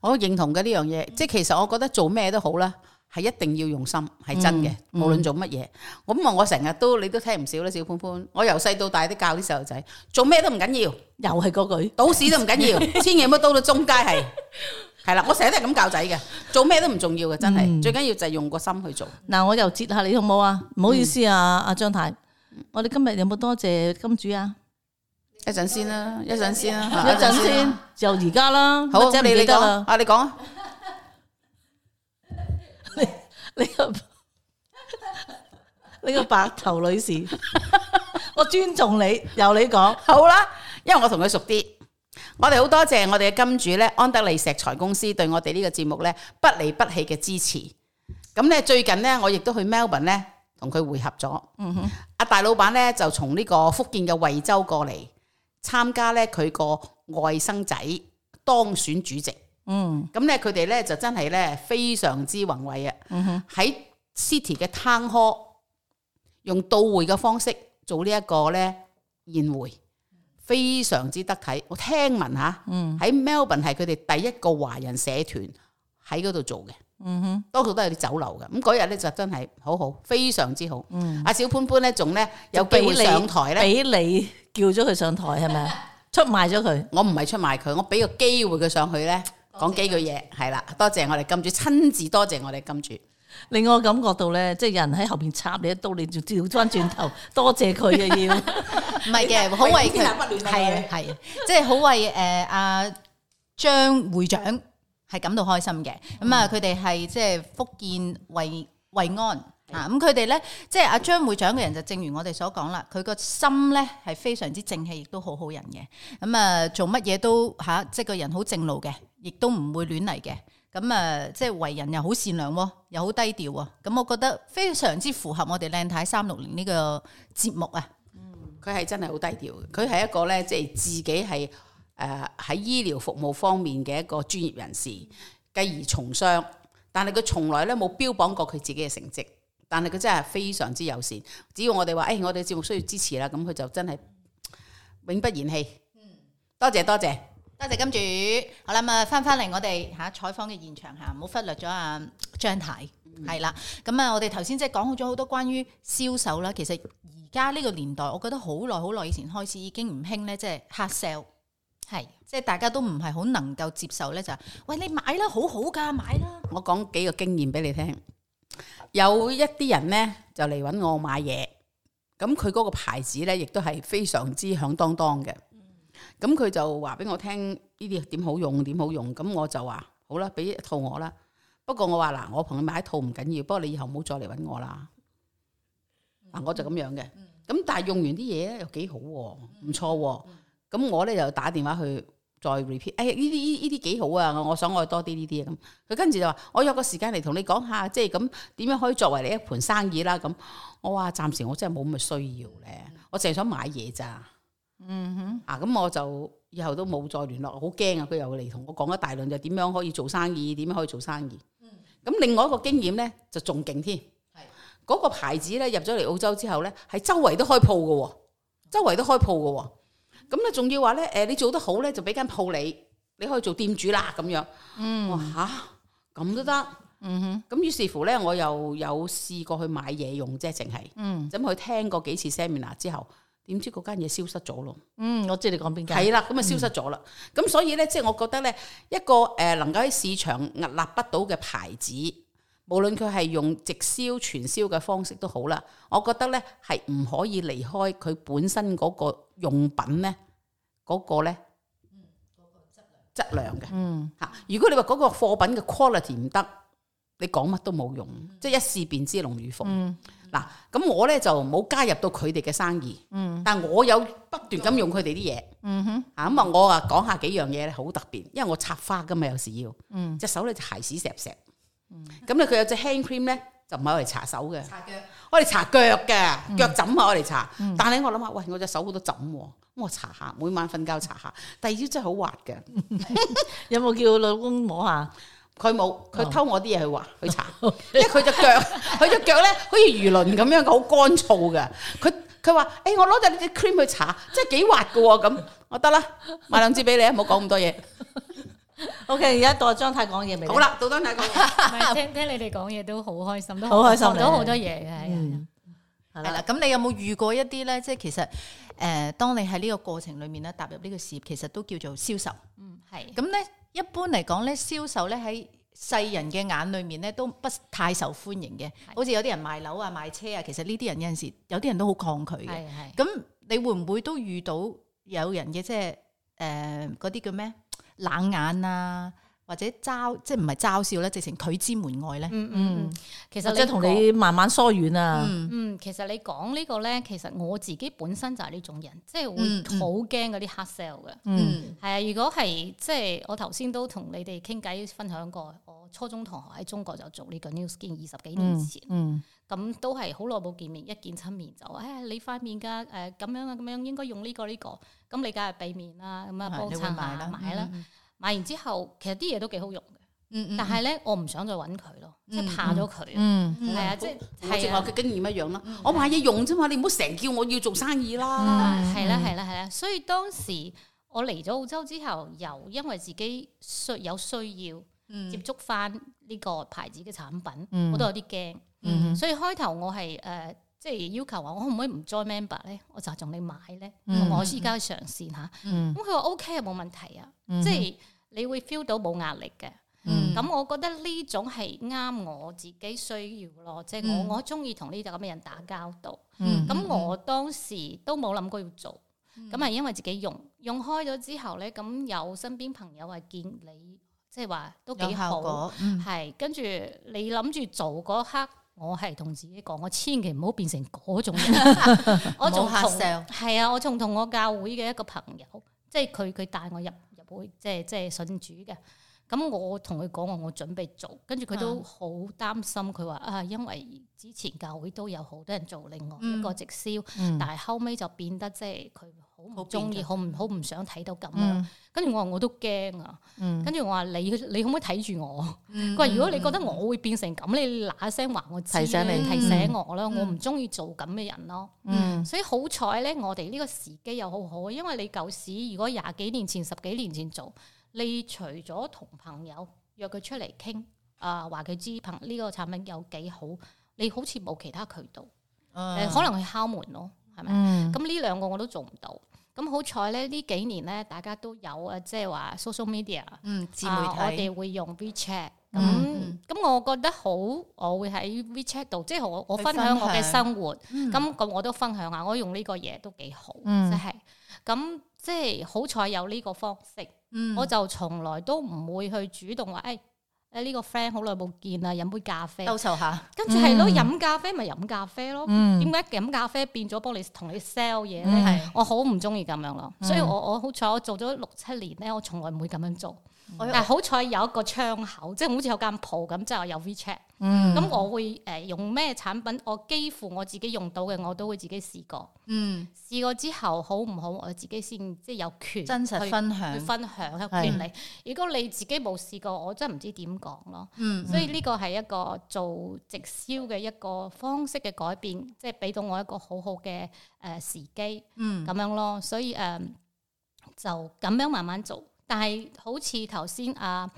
我認同嘅呢樣嘢，即係其實我覺得做咩都好啦，係一定要用心，係真嘅，無論做乜嘢。咁啊，我成日都，你都聽唔少啦，小潘潘。我由細到大都教啲細路仔做咩都唔緊要，又係嗰句賭屎都唔緊要，千祈唔好到到中階係。係啦，我成日都係咁教仔嘅，做咩都唔重要嘅，真係、嗯、最緊要就係用個心去做。嗱、嗯，我又接下你好冇啊？唔好意思啊，阿張、嗯啊、太，我哋今日有冇多謝,謝金主啊？一陣先啦，一陣先啦，一陣先，就而家啦。好，即係你嚟講，啊，你講。 你你個你個白頭女士， 我尊重你， 由你講好啦，因為我同佢熟啲。我哋好多謝我哋嘅金主咧，安德利石材公司對我哋呢個節目咧不離不棄嘅支持。咁咧最近呢，我亦都去 Melbourne 咧同佢會合咗。阿大老闆咧就從呢個福建嘅惠州過嚟參加咧佢個外甥仔當選主席。嗯，咁咧佢哋咧就真係咧非常之宏偉啊！喺 City 嘅 Town Hall 用到會嘅方式做呢一個咧宴會。非常之得體，我聽聞吓，喺、嗯、Melbourne 係佢哋第一個華人社團喺嗰度做嘅，嗯哼，多數都係啲酒樓嘅。咁嗰日咧就真係好好，非常之好。嗯，阿小潘潘咧仲咧有機會上台咧，俾你，呢你叫咗佢上台係咪？是是 出賣咗佢，我唔係出賣佢，我俾個機會佢上去咧講 幾句嘢，係啦，多謝我哋金主親自，多謝我哋金主。令我感覺到咧，即係有人喺後邊插你一刀，你仲照翻轉頭， 多謝佢啊！要唔係嘅，好為佢係啊係，即係好為誒阿張會長係感到開心嘅。咁啊、嗯，佢哋係即係福建為為安的啊。咁佢哋咧，即係阿張會長嘅人就正如我哋所講啦，佢個心咧係非常之正氣，亦都好好人嘅。咁、嗯、啊，做乜嘢都吓，即係個人好正路嘅，亦都唔會亂嚟嘅。咁啊，即係為人又好善良，又好低調啊！咁我覺得非常之符合我哋靚太三六零呢個節目啊。佢係真係好低調，佢係一個咧，即係自己係誒喺醫療服務方面嘅一個專業人士，繼而從商，但係佢從來咧冇標榜過佢自己嘅成績。但係佢真係非常之友善，只要我哋話誒，我哋節目需要支持啦，咁佢就真係永不言棄。多謝多謝。多謝金主，好啦，咁啊，翻翻嚟我哋吓採訪嘅現場吓，唔好忽略咗阿、啊、張太係啦。咁啊、嗯，我哋頭先即係講好咗好多關於銷售啦。其實而家呢個年代，我覺得好耐好耐以前開始已經唔興咧，即係黑 sell，係是即係大家都唔係好能夠接受咧。就是、喂，你買啦，好好㗎，買啦。我講幾個經驗俾你聽。有一啲人咧就嚟搵我買嘢，咁佢嗰個牌子咧亦都係非常之響噹噹嘅。咁佢就話俾我聽呢啲點好用點好用，咁我就話好啦，俾一套我啦。不過我話嗱，我同你買一套唔緊要，不過你以後唔好再嚟搵我啦。嗱、嗯啊，我就咁樣嘅。咁、嗯、但係用完啲嘢咧又幾好、啊，唔錯、啊。咁、嗯、我咧就打電話去再 repeat。呢啲呢啲幾好啊！我想我多啲呢啲啊。咁佢跟住就話，我約個時間嚟同你講下，即係咁點樣可以作為你一盤生意啦。咁我話暫時我真係冇咁嘅需要咧，嗯、我淨係想買嘢咋。嗯哼，啊，咁我就以後都冇再聯絡，好驚啊！佢又嚟，同我講一大輪，就點樣可以做生意，點樣可以做生意。嗯，咁另外一個經驗咧，就仲勁添。係嗰個牌子咧，入咗嚟澳洲之後咧，係周圍都開鋪噶，周圍都開鋪噶。咁咧，仲要話咧，誒，你做得好咧，就俾間鋪你，你可以做店主啦，咁樣。嗯，哇吓，咁都得。嗯哼，咁於是乎咧，我又有試過去買嘢用，即係淨係。嗯，咁佢聽過幾次 seminar 之後。點知嗰間嘢消失咗咯？嗯，我知你講邊間係啦，咁啊消失咗啦。咁、嗯、所以咧，即係我覺得咧，一個誒能夠喺市場屹立不倒嘅牌子，無論佢係用直銷、傳銷嘅方式都好啦，我覺得咧係唔可以離開佢本身嗰個用品咧，嗰個咧，嗯，嗰個質量嘅，嗯，吓，如果你話嗰個貨品嘅 quality 唔得，你講乜都冇用，嗯、即係一試便知龍與鳳。嗯嗱，咁我咧就冇加入到佢哋嘅生意，嗯、但係我有不斷咁用佢哋啲嘢，啊咁、嗯、哼啊，我啊講下幾樣嘢咧好特別，因為我插花噶嘛，有時要隻手咧就鞋屎石石，咁咧佢有隻 hand cream 咧就唔係我嚟擦手嘅，我嚟擦腳嘅，腳枕我嚟擦。嗯、但係我諗下，喂，我隻手好多枕，咁我擦下，每晚瞓覺擦下，第二朝真係好滑嘅， 有冇叫老公摸下？佢冇，佢偷我啲嘢去滑去查。因為佢隻腳，佢隻腳咧，好似魚鱗咁樣好乾燥嘅。佢佢話，誒，我攞咗呢隻 cream 去搽，即係幾滑嘅咁。我得啦，買兩支俾你啊，唔好講咁多嘢。O K，而家到張太講嘢未？好啦，到張太講。聽聽你哋講嘢都好開心，都學到好多嘢。係啦，咁你有冇遇過一啲咧？即係其實誒，當你喺呢個過程裏面咧，踏入呢個事業，其實都叫做銷售。嗯，係。咁咧。一般嚟講咧，銷售咧，喺世人嘅眼裏面咧都不太受歡迎嘅，是的 好似有啲人賣樓啊、賣車啊，其實呢啲人有陣時有啲人都好抗拒嘅。咁是的 你會唔會都遇到有人嘅即係誒嗰啲叫咩冷眼啊？或者嘲笑，即係唔係嘲笑咧，直情拒之門外咧。嗯嗯，其實即係同你慢慢疏遠啊、嗯。嗯，其實你講呢個咧，其實我自己本身就係呢種人，即係會好驚嗰啲 hard sell 嘅。嗯，係啊、嗯。如果係即係我頭先都同你哋傾偈分享過，我初中同學喺中國就做呢個 newskin 二十幾年前。嗯。咁、嗯、都係好耐冇見面，一見親面就誒、哎、你塊面噶誒，咁樣啊、咁樣、咁樣，應該用呢個呢個。咁你梗係避免啦，咁啊幫襯下買啦。買啦嗯買完之後，其實啲嘢都幾好用嘅，但係咧，我唔想再搵佢咯，即係怕咗佢。嗯，係啊，即係好似我嘅經驗一樣咯。我買嘢用啫嘛，你唔好成日叫我要做生意啦。係啦係啦係啦，所以當時我嚟咗澳洲之後，又因為自己需有需要，接觸翻呢個牌子嘅產品，我都有啲驚。所以開頭我係誒，即係要求話，我可唔可以唔 join member 咧？我就仲你買咧，我依家去嘗試下。咁佢話 O K 啊，冇問題啊，即係。你會 feel 到冇壓力嘅，咁、嗯、我覺得呢種係啱我自己需要咯，即係、嗯、我我中意同呢種咁嘅人打交道。咁、嗯、我當時都冇諗過要做，咁係、嗯、因為自己用用開咗之後咧，咁有身邊朋友係見你，即係話都幾好。有效果，係，跟住你諗住做嗰刻，我係同自己講，我千祈唔好變成嗰種人。 我仲同係啊，我仲同我教會嘅一個朋友，即係佢佢帶我入。會即係即係信主嘅，咁我同佢講話，我準備做。跟住佢都好擔心，佢話啊，因為之前教會都有好多人做另外一個直銷，嗯、但係後尾就變得即係佢。好中意，好唔好唔想睇到咁。跟住、嗯、我話我都驚啊。跟住、嗯、我話你，你可唔可以睇住我？佢話、嗯、如果你覺得我會變成咁，你嗱一聲話我知。提醒你，提醒我咯，嗯、我唔中意做咁嘅人咯。嗯嗯、所以好彩咧，我哋呢個時機又好好。因為你舊時如果廿幾年前、十幾年前做，你除咗同朋友約佢出嚟傾，啊，話佢知朋呢個產品有幾好，你好似冇其他渠道，嗯、可能去敲門咯，係咪？咁呢兩個我都做唔到。咁好彩咧，呢幾年咧，大家都有啊，即係話 social media，自媒體啊，我哋會用 WeChat，咁咁我覺得好，我會喺 WeChat 度，即係我我分享我嘅生活，咁咁、嗯、我都分享下，我用呢個嘢都幾好，嗯、即係，咁即係好彩有呢個方式，嗯、我就從來都唔會去主動話誒。哎誒呢個 friend 好耐冇見啦，飲杯咖啡。收收下。跟住係咯，飲、嗯、咖啡咪飲咖啡咯。點解飲咖啡變咗幫你同你 sell 嘢咧？嗯、我好唔中意咁樣咯。嗯、所以我我好彩，我，我做咗六七年咧，我從來唔會咁樣做。嗯、但係好彩有一個窗口，我即係好似有間鋪咁，即係我有 WeChat。嗯，咁我會誒用咩產品？我幾乎我自己用到嘅，我都會自己試過。嗯，試過之後好唔好？我自己先即係有權真實分享去分享嘅權利。嗯、如果你自己冇試過，我真係唔知點講咯。嗯、所以呢個係一個做直銷嘅一個方式嘅改變，即係俾到我一個好好嘅誒時機。嗯，咁樣咯，所以誒、呃、就咁樣慢慢做。但係好似頭先阿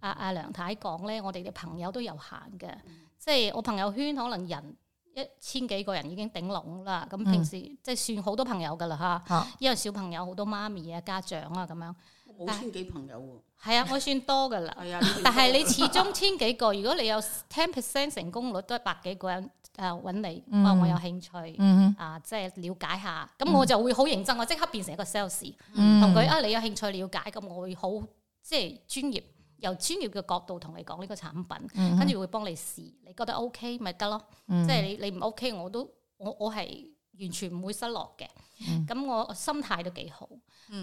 阿阿梁太講咧，我哋嘅朋友都有限嘅，即係我朋友圈可能人一千幾個人已經頂籠啦。咁平時、嗯、即係算好多朋友噶啦吓，啊、因為小朋友好多媽咪啊、家長啊咁樣。五千幾朋友喎，係啊，我算多噶啦。係啊，但係你始終千幾個，如果你有 ten percent 成功率，都百幾個人啊搵你，話我有興趣，啊，即係了解下，咁我就會好認真，我即刻變成一個 sales，同佢啊，你有興趣了解，咁我會好即係專業，由專業嘅角度同你講呢個產品，跟住會幫你試，你覺得 OK 咪得咯，即係你你唔 OK 我都我我係完全唔會失落嘅，咁我心態都幾好。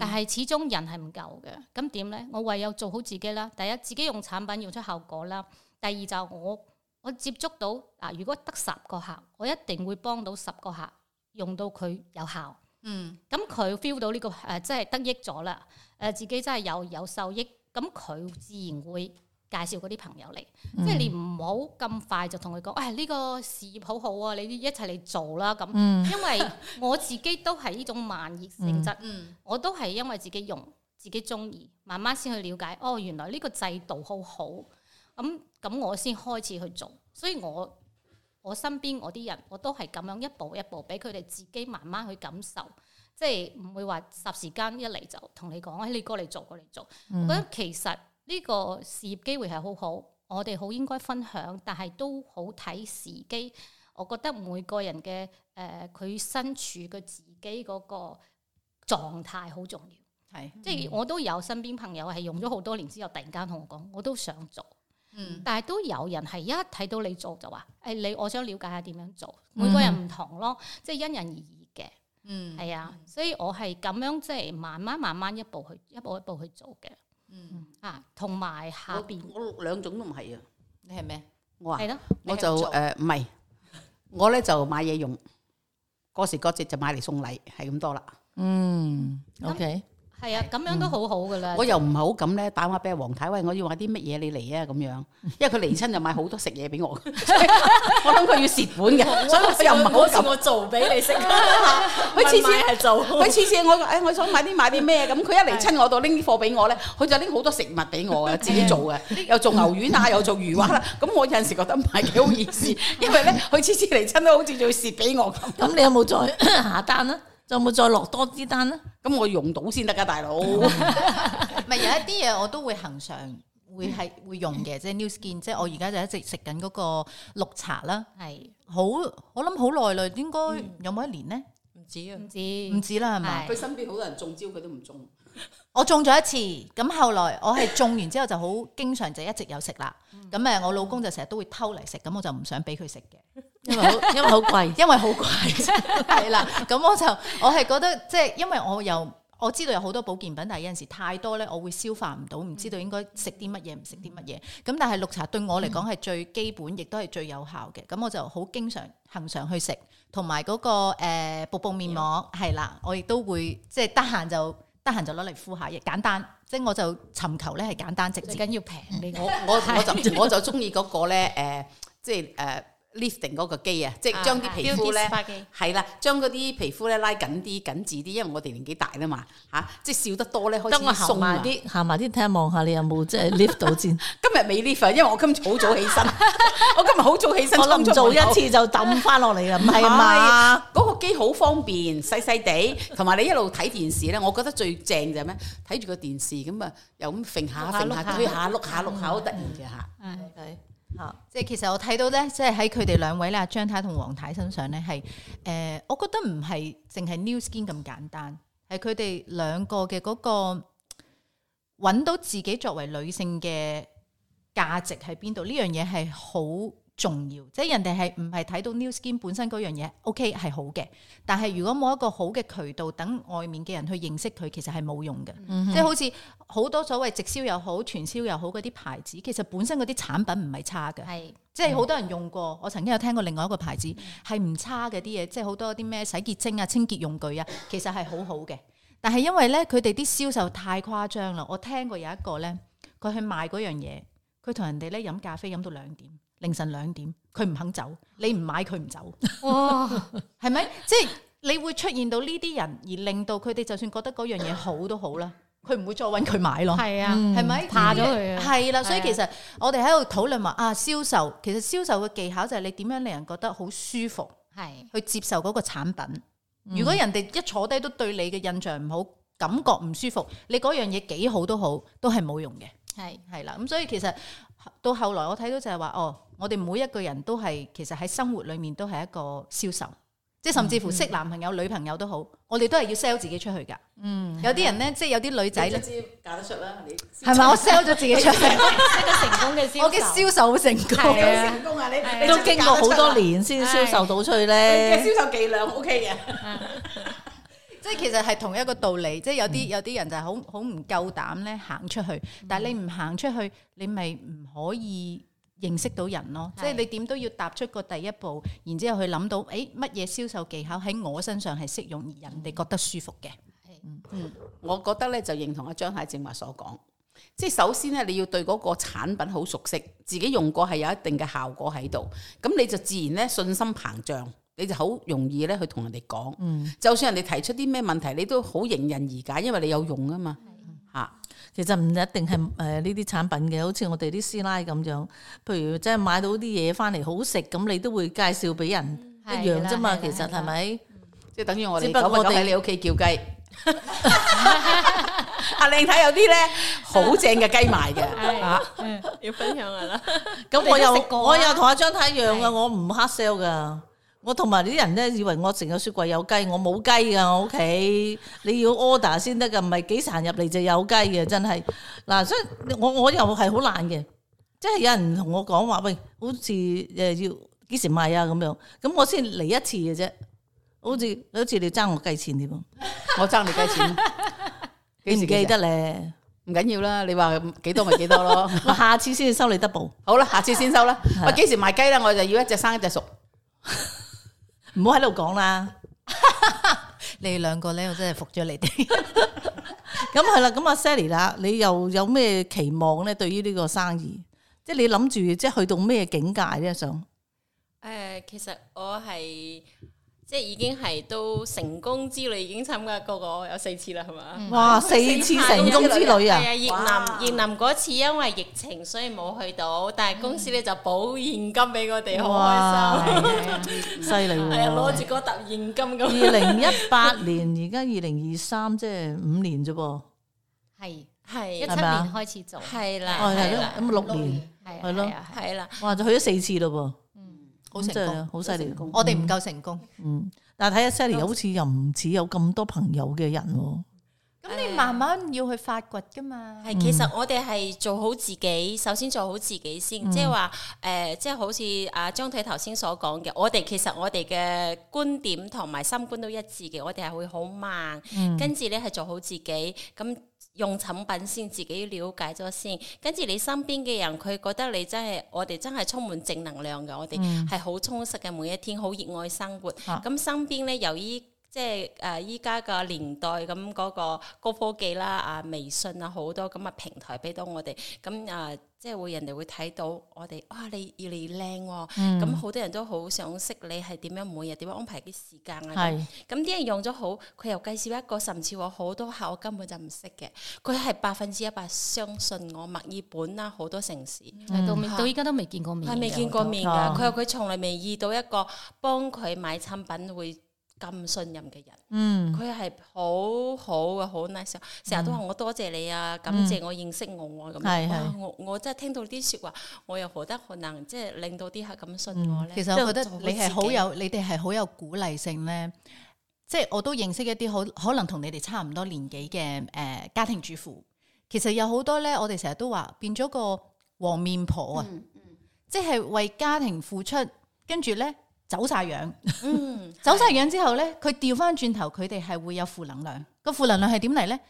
但係始終人係唔夠嘅，咁點咧？我唯有做好自己啦。第一，自己用產品用出效果啦。第二就我我接觸到啊，如果得十個客，我一定會幫到十個客用到佢有效。嗯，咁佢 feel 到呢、這個誒、呃，即係得益咗啦。誒、呃，自己真係有有受益，咁佢自然會。介紹嗰啲朋友嚟，嗯、即係你唔好咁快就同佢講，誒、哎、呢、呢個事業好好啊！你一齊嚟做啦咁，嗯、因為我自己都係呢種慢熱性質，嗯嗯、我都係因為自己用、自己中意，慢慢先去了解，哦原來呢個制度好好，咁、嗯、咁我先開始去做，所以我我身邊我啲人我都係咁樣一步一步，俾佢哋自己慢慢去感受，即係唔會話霎時間一嚟就同你講，誒你過嚟做過嚟做，我，做嗯、我覺得其實。呢個事業機會係好好，我哋好應該分享，但係都好睇時機。我覺得每個人嘅誒，佢、呃、身處嘅自己嗰個狀態好重要，係、嗯、即係我都有身邊朋友係用咗好多年之後，突然間同我講，我都想做，嗯、但係都有人係一睇到你做就話，誒、哎、你我想了解下點樣做，每個人唔同咯，嗯、即係因人而異嘅，嗯，係啊，嗯嗯、所以我係咁樣即係慢慢慢慢一步去，一步一步，一步一步去做嘅。嗯啊，同埋下邊我兩種都唔係啊，你係咩？我話係咯，的我就誒唔係，我咧就買嘢用，嗰時嗰節就買嚟送禮，係咁多啦。嗯，嗯，OK。係啊，咁樣都好好噶啦。我又唔係好敢咧，打話俾阿黃太，喂，我要買啲乜嘢你嚟啊咁樣。因為佢嚟親就買好多食嘢俾我，我諗佢要蝕本嘅，所以我又唔係好咁。我做俾你食，佢次次係做，佢次次我誒，我想買啲買啲咩咁，佢一嚟親我度拎啲貨俾我咧，佢就拎好多食物俾我啊，自己做嘅，又做牛丸啊，又做魚滑啦。咁我有陣時覺得唔係幾好意思，因為咧佢次次嚟親都好似做蝕俾我咁。咁你有冇再下單啊？就冇再落多啲單啦。咁我用到先得噶，大佬。咪 有一啲嘢我都會恒常、嗯、會係會用嘅，即、就、係、是、Nu Skin。即係我而家就一直食緊嗰個綠茶啦。係是好，我諗好耐啦，應該有冇一年咧？唔止啊，唔、嗯、止，唔止啦，係咪？佢是身邊好多人中招，佢都唔中。 我中咗一次，咁後來我係中完之後就好經常就一直有食啦。咁誒、嗯，我老公就成日都會偷嚟食，咁我就唔想俾佢食嘅。 因為好因為好貴，因為好貴，係啦。咁我就我係覺得，即係因為我有我知道有好多保健品，但係有陣時太多咧，我會消化唔到，唔知道應該食啲乜嘢，唔食啲乜嘢。咁但係綠茶對我嚟講係最基本，亦都係最有效嘅。咁我就好經常行常去食，同埋嗰個誒瀑布面膜係啦、嗯，我亦都會即係得閒就得閒就攞嚟敷下，亦簡單。即係我就尋求咧係簡單直接，最緊要平啲。我我 我就我就中意嗰個咧誒、呃，即係誒。呃 Lifting 嗰個機啊，即係將啲皮膚咧，係啦，將嗰啲皮膚咧拉緊啲、緊緻啲，因為我哋年紀大啦嘛，嚇，即係笑得多咧開始鬆埋啲、行埋啲，睇下望下你有冇即係 lift 到先。今日未 lift 啊，因為我今日好早起身，我今日好早起身，我諗做一次就抌翻落嚟啦，唔係嘛？嗰個機好方便，細細地，同埋你一路睇電視咧，我覺得最正就係咩？睇住個電視咁啊，又咁揈下揈下，揈下碌下碌下，好突然嘅嚇。啊！即係其實我睇到咧，即係喺佢哋兩位咧，張太同黃太身上咧，係誒、呃，我覺得唔係淨係 news skin 咁簡單，係佢哋兩個嘅嗰、那個揾到自己作為女性嘅價值喺邊度呢樣嘢，係好。重要，即係人哋係唔係睇到 New Skin 本身嗰樣嘢，OK 係好嘅。但係如果冇一個好嘅渠道，等外面嘅人去認識佢，其實係冇用嘅。嗯、哼即係好似好多所謂直銷又好、傳銷又好嗰啲牌子，其實本身嗰啲產品唔係差嘅。係是即係好多人用過，我曾經有聽過另外一個牌子係唔差嘅啲嘢，即係好多啲咩洗潔精啊、清潔用具啊，其實係好好嘅。但係因為咧，佢哋啲銷售太誇張啦。我聽過有一個咧，佢去賣嗰樣嘢，佢同人哋咧飲咖啡飲到兩點。凌晨兩點，佢唔肯走，你唔買佢唔走，哇，係咪？即係你會出現到呢啲人，而令到佢哋就算覺得嗰樣嘢好都好啦，佢唔會再搵佢買咯。係啊，係咪？怕咗佢啊，係啦。所以其實我哋喺度討論話啊，銷售其實銷售嘅技巧就係你點樣令人覺得好舒服，係去接受嗰個產品。如果人哋一坐低都對你嘅印象唔好，感覺唔舒服，你嗰樣嘢幾好都好，都係冇用嘅。係係啦，咁所以其實。到後來我睇到就係話哦，我哋每一個人都係其實喺生活裏面都係一個銷售，嗯、即係甚至乎識男朋友、嗯、女朋友都好，我哋都係要 sell 自己出去噶。嗯，有啲人咧，嗯、即係有啲女仔直接嫁得出啦，係咪？我 sell 咗自己出去，一個 成功嘅銷，我嘅銷售好成功，你成功啊！你都經過好多年先銷售到出去咧，嘅銷售伎倆 O K 嘅。Okay 即係其實係同一個道理，的即係有啲、嗯、有啲人就係好好唔夠膽咧行出去，但係你唔行出去，你咪唔可以認識到人咯。是的 即係你點都要踏出個第一步，然之後去諗到，誒乜嘢銷售技巧喺我身上係適用而人哋覺得舒服嘅。是的 嗯，我覺得咧就認同阿張太正話所講，即係首先咧你要對嗰個產品好熟悉，自己用過係有一定嘅效果喺度，咁你就自然咧信心膨脹。你就好容易咧去同人哋講，就算人哋提出啲咩問題，你都好迎刃而解，因為你有用啊嘛。吓，其實唔一定係誒呢啲產品嘅，好似我哋啲師奶咁樣，譬如真係買到啲嘢翻嚟好食，咁你都會介紹俾人一樣啫嘛。其實係咪？即係等於我哋我哋喺你屋企叫雞。阿靚太有啲咧好正嘅雞賣嘅，啊，要分享下啦。咁我又我又同阿張太一樣噶，我唔 hard sell 噶。我同埋啲人咧，以為我成個雪櫃有雞，我冇雞噶，我屋企你要 order 先得噶，唔係幾時入嚟就有雞嘅，真係嗱，所以我我又係好懶嘅，即係有人同我講話喂，好似誒要幾時賣啊咁樣，咁我先嚟一次嘅啫，好似好似你爭我雞錢啲噃， 我爭你雞錢，幾時，何時你記得咧？唔緊要啦，你話幾多咪幾多咯， 我下次先收你 double。好啦，下次先收啦，我幾的時賣雞啦？我就要一隻生一隻熟。 唔好喺度講啦， 你哋兩個咧，我真係服咗你哋。咁係啦，咁阿 Sally 啦，ally, 你又有咩期望咧？對於呢個生意，即係你諗住，即係去到咩境界咧？想？誒，其實我係。即係已經係到成功之旅，已經參加個個有四次啦，係嘛？哇！四次成功之旅啊！越南越南嗰次因為疫情，所以冇去到，但係公司咧就補現金俾我哋，好開心，犀利喎！係啊，攞住嗰沓現金咁。二零一八年，而家二零二三，即係五年啫噃。係係一七年開始做，係啦，係啦，咁六年係咯，係啦，哇！就去咗四次咯噃。好成功，好犀利！我哋唔夠成功。嗯，但睇下 Sally 好似又唔似有咁多朋友嘅人，哦。咁你慢慢要去發掘噶嘛。係，其實我哋係做好自己，首先做好自己先。嗯、即係話，誒、呃，即係好似阿張太頭先所講嘅，我哋其實我哋嘅觀點同埋三觀都一致嘅。我哋係會好慢，嗯、跟住咧係做好自己咁。用產品先自己了解咗先，跟住你身邊嘅人，佢覺得你真係我哋真係充滿正能量嘅，我哋係好充實嘅每一天，好熱愛生活。咁、嗯、身邊咧，由於即係誒依家嘅年代咁嗰、嗯嗰個高科技啦，啊、呃、微信啊好多咁嘅平台俾到我哋，咁、嗯、誒。呃即係會人哋會睇到我哋，哇、啊！你越嚟越靚喎、哦，咁好、嗯、多人都好想識你係點樣，每日點樣安排啲時間啊？咁啲是人用咗好，佢又介紹一個，甚至話好多客我根本就唔識嘅，佢係百分之一百相信我墨爾本啦、啊，好多城市、嗯、他到到依家都未見過面他，係未見過面㗎。佢話佢都從來未遇到一個幫佢買產品會。咁信任嘅人，佢係、嗯、好好嘅，好 nice，成日都話我多謝你啊，嗯、感謝我認識我咁。係我我真係聽到啲說話，我又何德何能，即係令到啲客咁信我咧、嗯？其實我覺得你係好有，你哋係好有鼓勵性咧。即係我都認識一啲好可能同你哋差唔多年紀嘅誒家庭主婦，其實有好多咧，我哋成日都話變咗個黃面婆啊，即係、嗯嗯、為家庭付出，跟住咧。走晒樣，嗯，走晒樣之後咧，佢調翻轉頭，佢哋係會有負能量。個負能量係點嚟咧？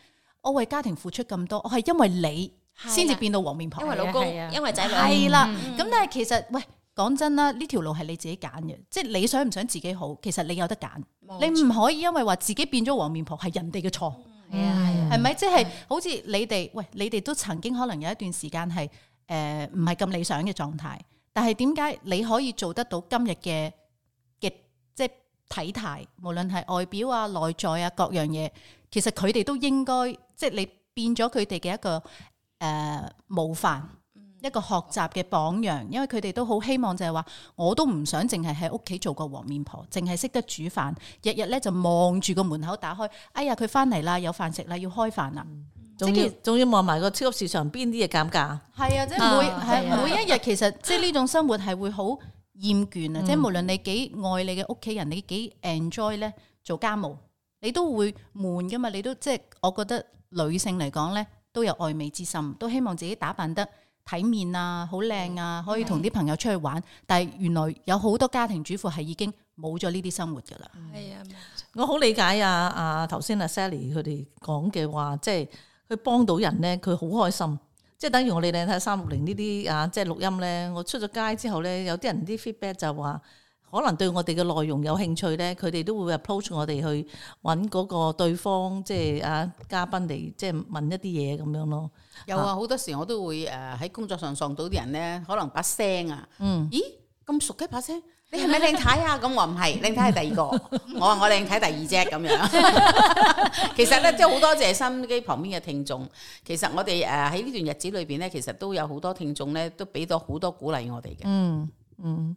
我為家庭付出咁多，我係因為你先至變到黃面婆，因為老公，因為仔女，係啦。咁但係其實喂，講真啦，呢條路係你自己揀嘅，即係你想唔想自己好，其實你有得揀，你唔可以因為話自己變咗黃面婆係人哋嘅錯，係啊係啊，係咪？即係好似你哋喂，你哋都曾經可能有一段時間係誒唔係咁理想嘅狀態，但係點解你可以做得到今日嘅？即係體態，無論係外表啊、內在啊各樣嘢，其實佢哋都應該，即係你變咗佢哋嘅一個誒、呃、模範，一個學習嘅榜樣，因為佢哋都好希望就係話，我都唔想淨係喺屋企做個黃面婆，淨係識得煮飯，日日咧就望住個門口打開，哎呀佢翻嚟啦，有飯食啦，要開飯啦，總之、嗯，仲要望埋個超級市場邊啲嘢減價，係啊，即係每係每一日其實即係呢種生活係會好厭倦啊！即係無論你幾愛你嘅屋企人，嗯、你幾 enjoy 咧做家務，你都會悶㗎嘛。你都即係我覺得女性嚟講咧，都有愛美之心，都希望自己打扮得體面啊，好靚啊，嗯、可以同啲朋友出去玩。係啊。但係原來有好多家庭主婦係已經冇咗呢啲生活㗎啦。係啊，我好理解啊，啊頭先啊 Sally 佢哋講嘅話，即係佢幫到人咧，佢好開心。即係等於我哋咧睇三六零呢啲啊，即係錄音咧。我出咗街之後咧，有啲人啲 feedback 就話，可能對我哋嘅內容有興趣咧，佢哋都會 approach 我哋去揾嗰個對方，即係啊嘉賓嚟即係問一啲嘢咁樣咯。有啊，好、啊、多時我都會誒喺工作上撞到啲人咧，可能把聲啊，嗯，咦？咁熟嘅把聲，你係咪靚太啊？咁 我唔係，靚太係第二個。我話我靚太第二隻咁樣。 其實咧，即係好多謝心機旁邊嘅聽眾。其實我哋誒喺呢段日子裏邊咧，其實都有好多聽眾咧，都俾到好多鼓勵我哋嘅。嗯嗯，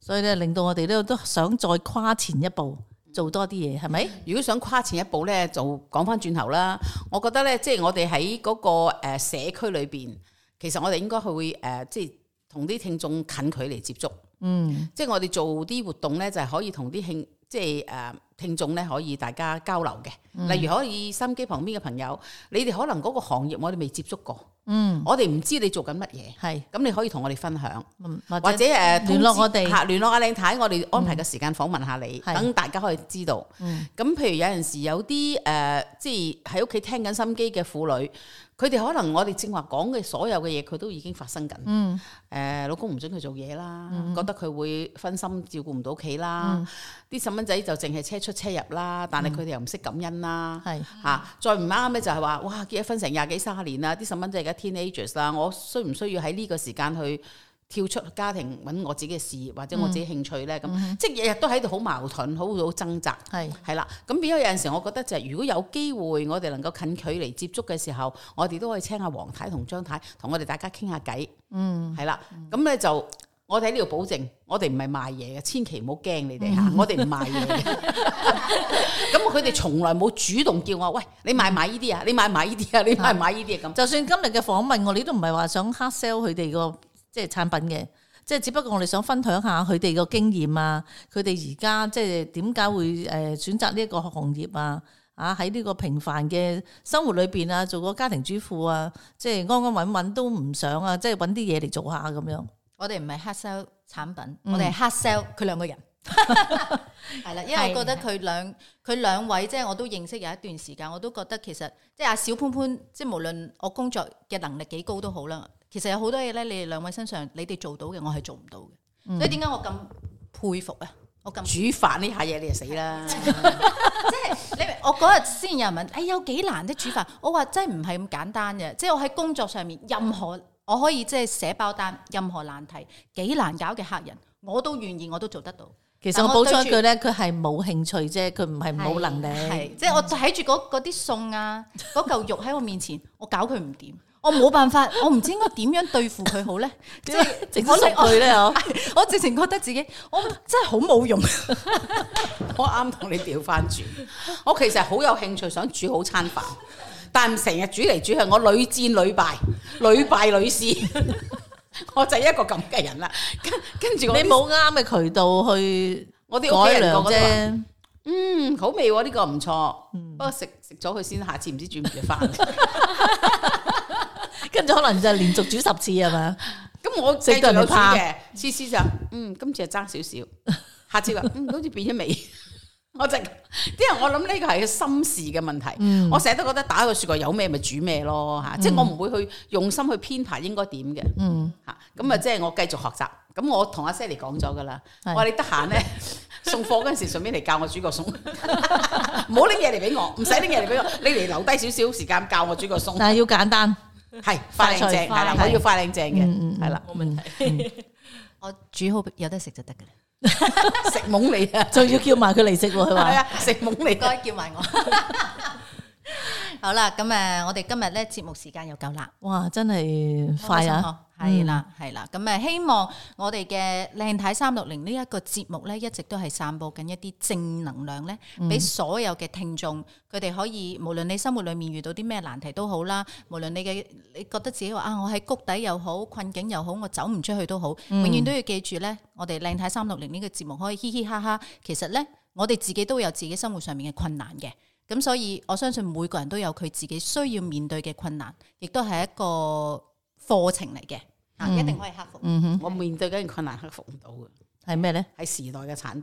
所以咧令到我哋咧都想再跨前一步，做多啲嘢，係咪？如果想跨前一步咧，就講翻轉頭啦。我覺得咧，即係我哋喺嗰個誒社區裏邊，其實我哋應該去誒，即係同啲聽眾近距離接觸。嗯，即係我哋做啲活動呢，就係、是、可以同啲聽，即係誒、呃、聽眾咧，可以大家交流嘅。嗯、例如可以心機旁邊嘅朋友，你哋可能嗰個行業我哋未接觸過，嗯，我哋唔知你做緊乜嘢，係是，咁你可以同我哋分享，或者誒聯絡我哋，吓、啊、聯絡阿靚太，我哋安排個時間訪問下你，等、嗯、大家可以知道。咁是、嗯、譬如有陣時有啲誒、呃，即係喺屋企聽緊心機嘅婦女。佢哋可能我哋正話講嘅所有嘅嘢，佢都已經發生緊。誒、嗯呃，老公唔准佢做嘢啦，嗯、覺得佢會分心照顧唔到屋企啦。啲細蚊仔就淨係車出車入啦，但係佢哋又唔識感恩啦。嚇，再唔啱咧就係話，哇，結咗婚成廿幾卅年啦，啲細蚊仔而家 teenagers 啦，我需唔需要喺呢個時間去跳出家庭揾我自己嘅事業或者我自己興趣咧，咁、嗯、即係日日都喺度好矛盾，好好掙扎，係係啦。咁變咗有陣時，我覺得就係、係、如果有機會，我哋能夠近距離接觸嘅時候，我哋都可以聽下黃太同張太同我哋大家傾下偈。嗯，係啦。咁咧就我哋喺呢度保證，我哋唔係賣嘢嘅，千祈唔好驚你哋嚇，嗯、我哋唔賣嘢。咁佢哋從來冇主動叫我，喂，你買買呢啲啊，你買買呢啲啊，你買買呢啲啊咁。就算今日嘅訪問，我哋都唔係話想 hard sell 佢哋個，即係產品嘅，即係只不過我哋想分享下佢哋個經驗啊，佢哋而家即係點解會誒選擇呢個行業啊？啊喺呢個平凡嘅生活裏邊啊，做個家庭主婦啊，即係安安穩穩都唔想啊，即係搵啲嘢嚟做下咁樣。我哋唔係 hard sell 產品，嗯、我哋係 hard sell 佢兩個人，係啦、嗯， 因為我覺得佢兩佢兩位即係我都認識有一段時間，我都覺得其實即係阿小潘潘，即係無論我工作嘅能力幾高都好啦。其實有好多嘢咧，你哋兩位身上，你哋做到嘅，我係做唔到嘅。嗯、所以點解我咁佩服啊？我咁煮飯呢下嘢，你就死啦！即係 你我嗰日先有人問，哎，有幾難啫，啊、煮飯？我話真係唔係咁簡單嘅，即、就、係、是、我喺工作上面任何我可以即係寫包單，任何難題幾難搞嘅客人，我都願意，我都做得到。其實我補充一句咧，佢係冇興趣啫，佢唔係冇能力。係即係我睇住嗰啲餸啊，嗰嚿肉喺我面前，我搞佢唔掂。 我冇辦法，我唔知應該點樣對付佢好咧， 即係是直情熟對咧嗬。我直情覺得自己，我真係好冇用。 我啱同你調翻轉，我其實好有興趣想煮好餐飯，但係成日煮嚟煮去，我屢戰屢敗，屢敗屢試。我就係一個咁嘅人啦。 跟跟住我，你冇啱嘅渠道去我啲屋企人講啫。嗯，好味喎，呢個唔錯，不過食食咗佢先，下次唔知煮唔煮翻。 跟住可能就係連續煮十次係嘛？咁我食過兩次嘅，是是次次就嗯，今次又爭少少，下次話嗯，好似變咗味。我淨，因為我諗呢個係個心事嘅問題，嗯、我成日都覺得打個雪櫃有咩咪煮咩咯吓，嗯、即係我唔會去用心去編排應該點嘅。嗯吓，咁啊即係我繼續學習。咁我同阿 Sally 講咗噶啦，是我話你得閒咧送貨嗰陣時順便嚟教我煮個餸，唔好拎嘢嚟俾我，唔使拎嘢嚟俾我，你嚟留低少少時間教我煮個餸，但係要簡單。係，快靚正係啦椎，我要快靚正嘅，係啦，冇問題。嗯、我煮好有得食就得噶啦 食懵你啊！仲要叫埋佢嚟食喎，佢話食懵你，該叫埋我。 好啦，咁誒，我哋今日咧節目時間又夠啦，哇，真係快啊！係啦、哦，係啦，咁誒、嗯嗯，希望我哋嘅靚太三六零呢一個節目咧，一直都係散播緊一啲正能量咧，俾、嗯、所有嘅聽眾，佢哋可以無論你生活裏面遇到啲咩難題都好啦，無論你嘅你覺得自己話啊，我喺谷底又好，困境又好，我走唔出去都好，嗯、永遠都要記住咧，我哋靚太三六零呢個節目可以嘻嘻哈哈。其實咧，我哋自己都有自己生活上面嘅困難嘅。咁所以，我相信每個人都有佢自己需要面對嘅困難，亦都係一個課程嚟嘅，嗯、啊，一定可以克服。嗯、哼我面對緊嘅困難克服唔到嘅，係咩咧？係時代嘅產品，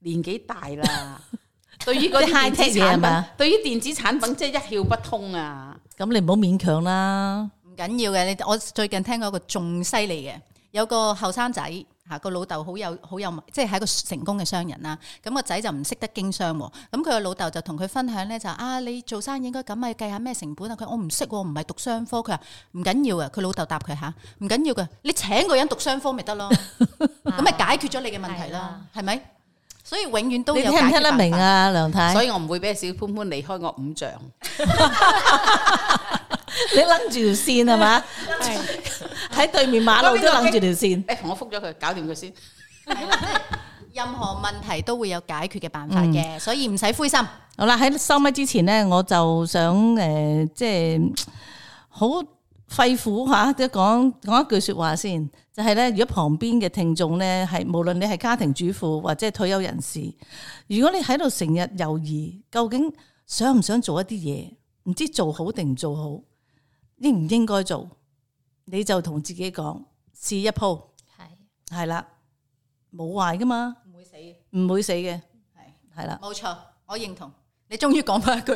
年紀大啦， 對於嗰啲 high tech 產品，對於電子產品即係一竅不通啊！咁你唔好勉強啦，唔緊要嘅。你我最近聽過一個仲犀利嘅，有個後生仔。個老豆好有好有，即係喺一個成功嘅商人啦。咁個仔就唔識得經商，咁佢個老豆就同佢分享咧，就啊，你做生意應該咁咪計下咩成本啊。佢我唔識，唔係讀商科。佢話唔緊要啊，佢老豆答佢吓，唔緊要噶，你請個人讀商科咪得咯，咁咪解決咗你嘅問題啦，係咪？所以永遠都你聽聽得明啊，梁太，所以我唔會俾小潘潘離開我五丈。 你拎住條線係嘛？喺是 對面馬路 都拎住條線。誒，同我覆咗佢，搞掂佢先。 任何問題都會有解決嘅辦法嘅，嗯、所以唔使灰心。好啦，喺收尾之前呢，我就想誒，即係好肺腑吓，即係講講一句說話先，就係、是、呢：如果旁邊嘅聽眾呢，係無論你係家庭主婦或者退休人士，如果你喺度成日猶豫，究竟想唔想做一啲嘢，唔知做好定唔做好？應唔應該做，你就同自己講，試一的鋪。係係啦，冇壞噶嘛，唔會死。嘅的，唔會死嘅。係係啦，冇錯，我認同。你終於講翻一句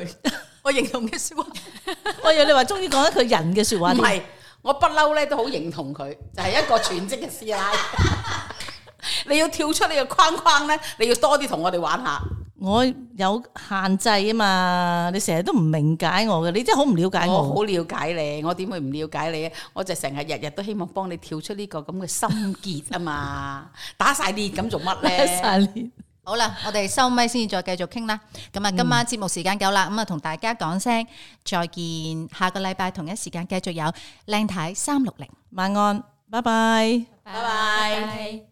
我認同嘅說話， 我以為你話終於講一句人嘅說話，唔係， 我不嬲咧都好認同佢，就係、是、一個全職嘅師奶。 你要跳出你個框框咧，你要多啲同我哋玩下。我有限制啊嘛，你成日都唔明解我嘅，你真係好唔了解我。我好了解你，我點會唔了解你啊？我就成日日日都希望幫你跳出呢個咁嘅心結啊嘛，打晒啲咁做乜咧？好啦，我哋收尾先，再繼續傾啦。咁啊，今晚節目時間夠啦，咁啊同大家講聲再見。下個禮拜同一時間繼續有靚太三六零，晚安，拜拜，拜拜。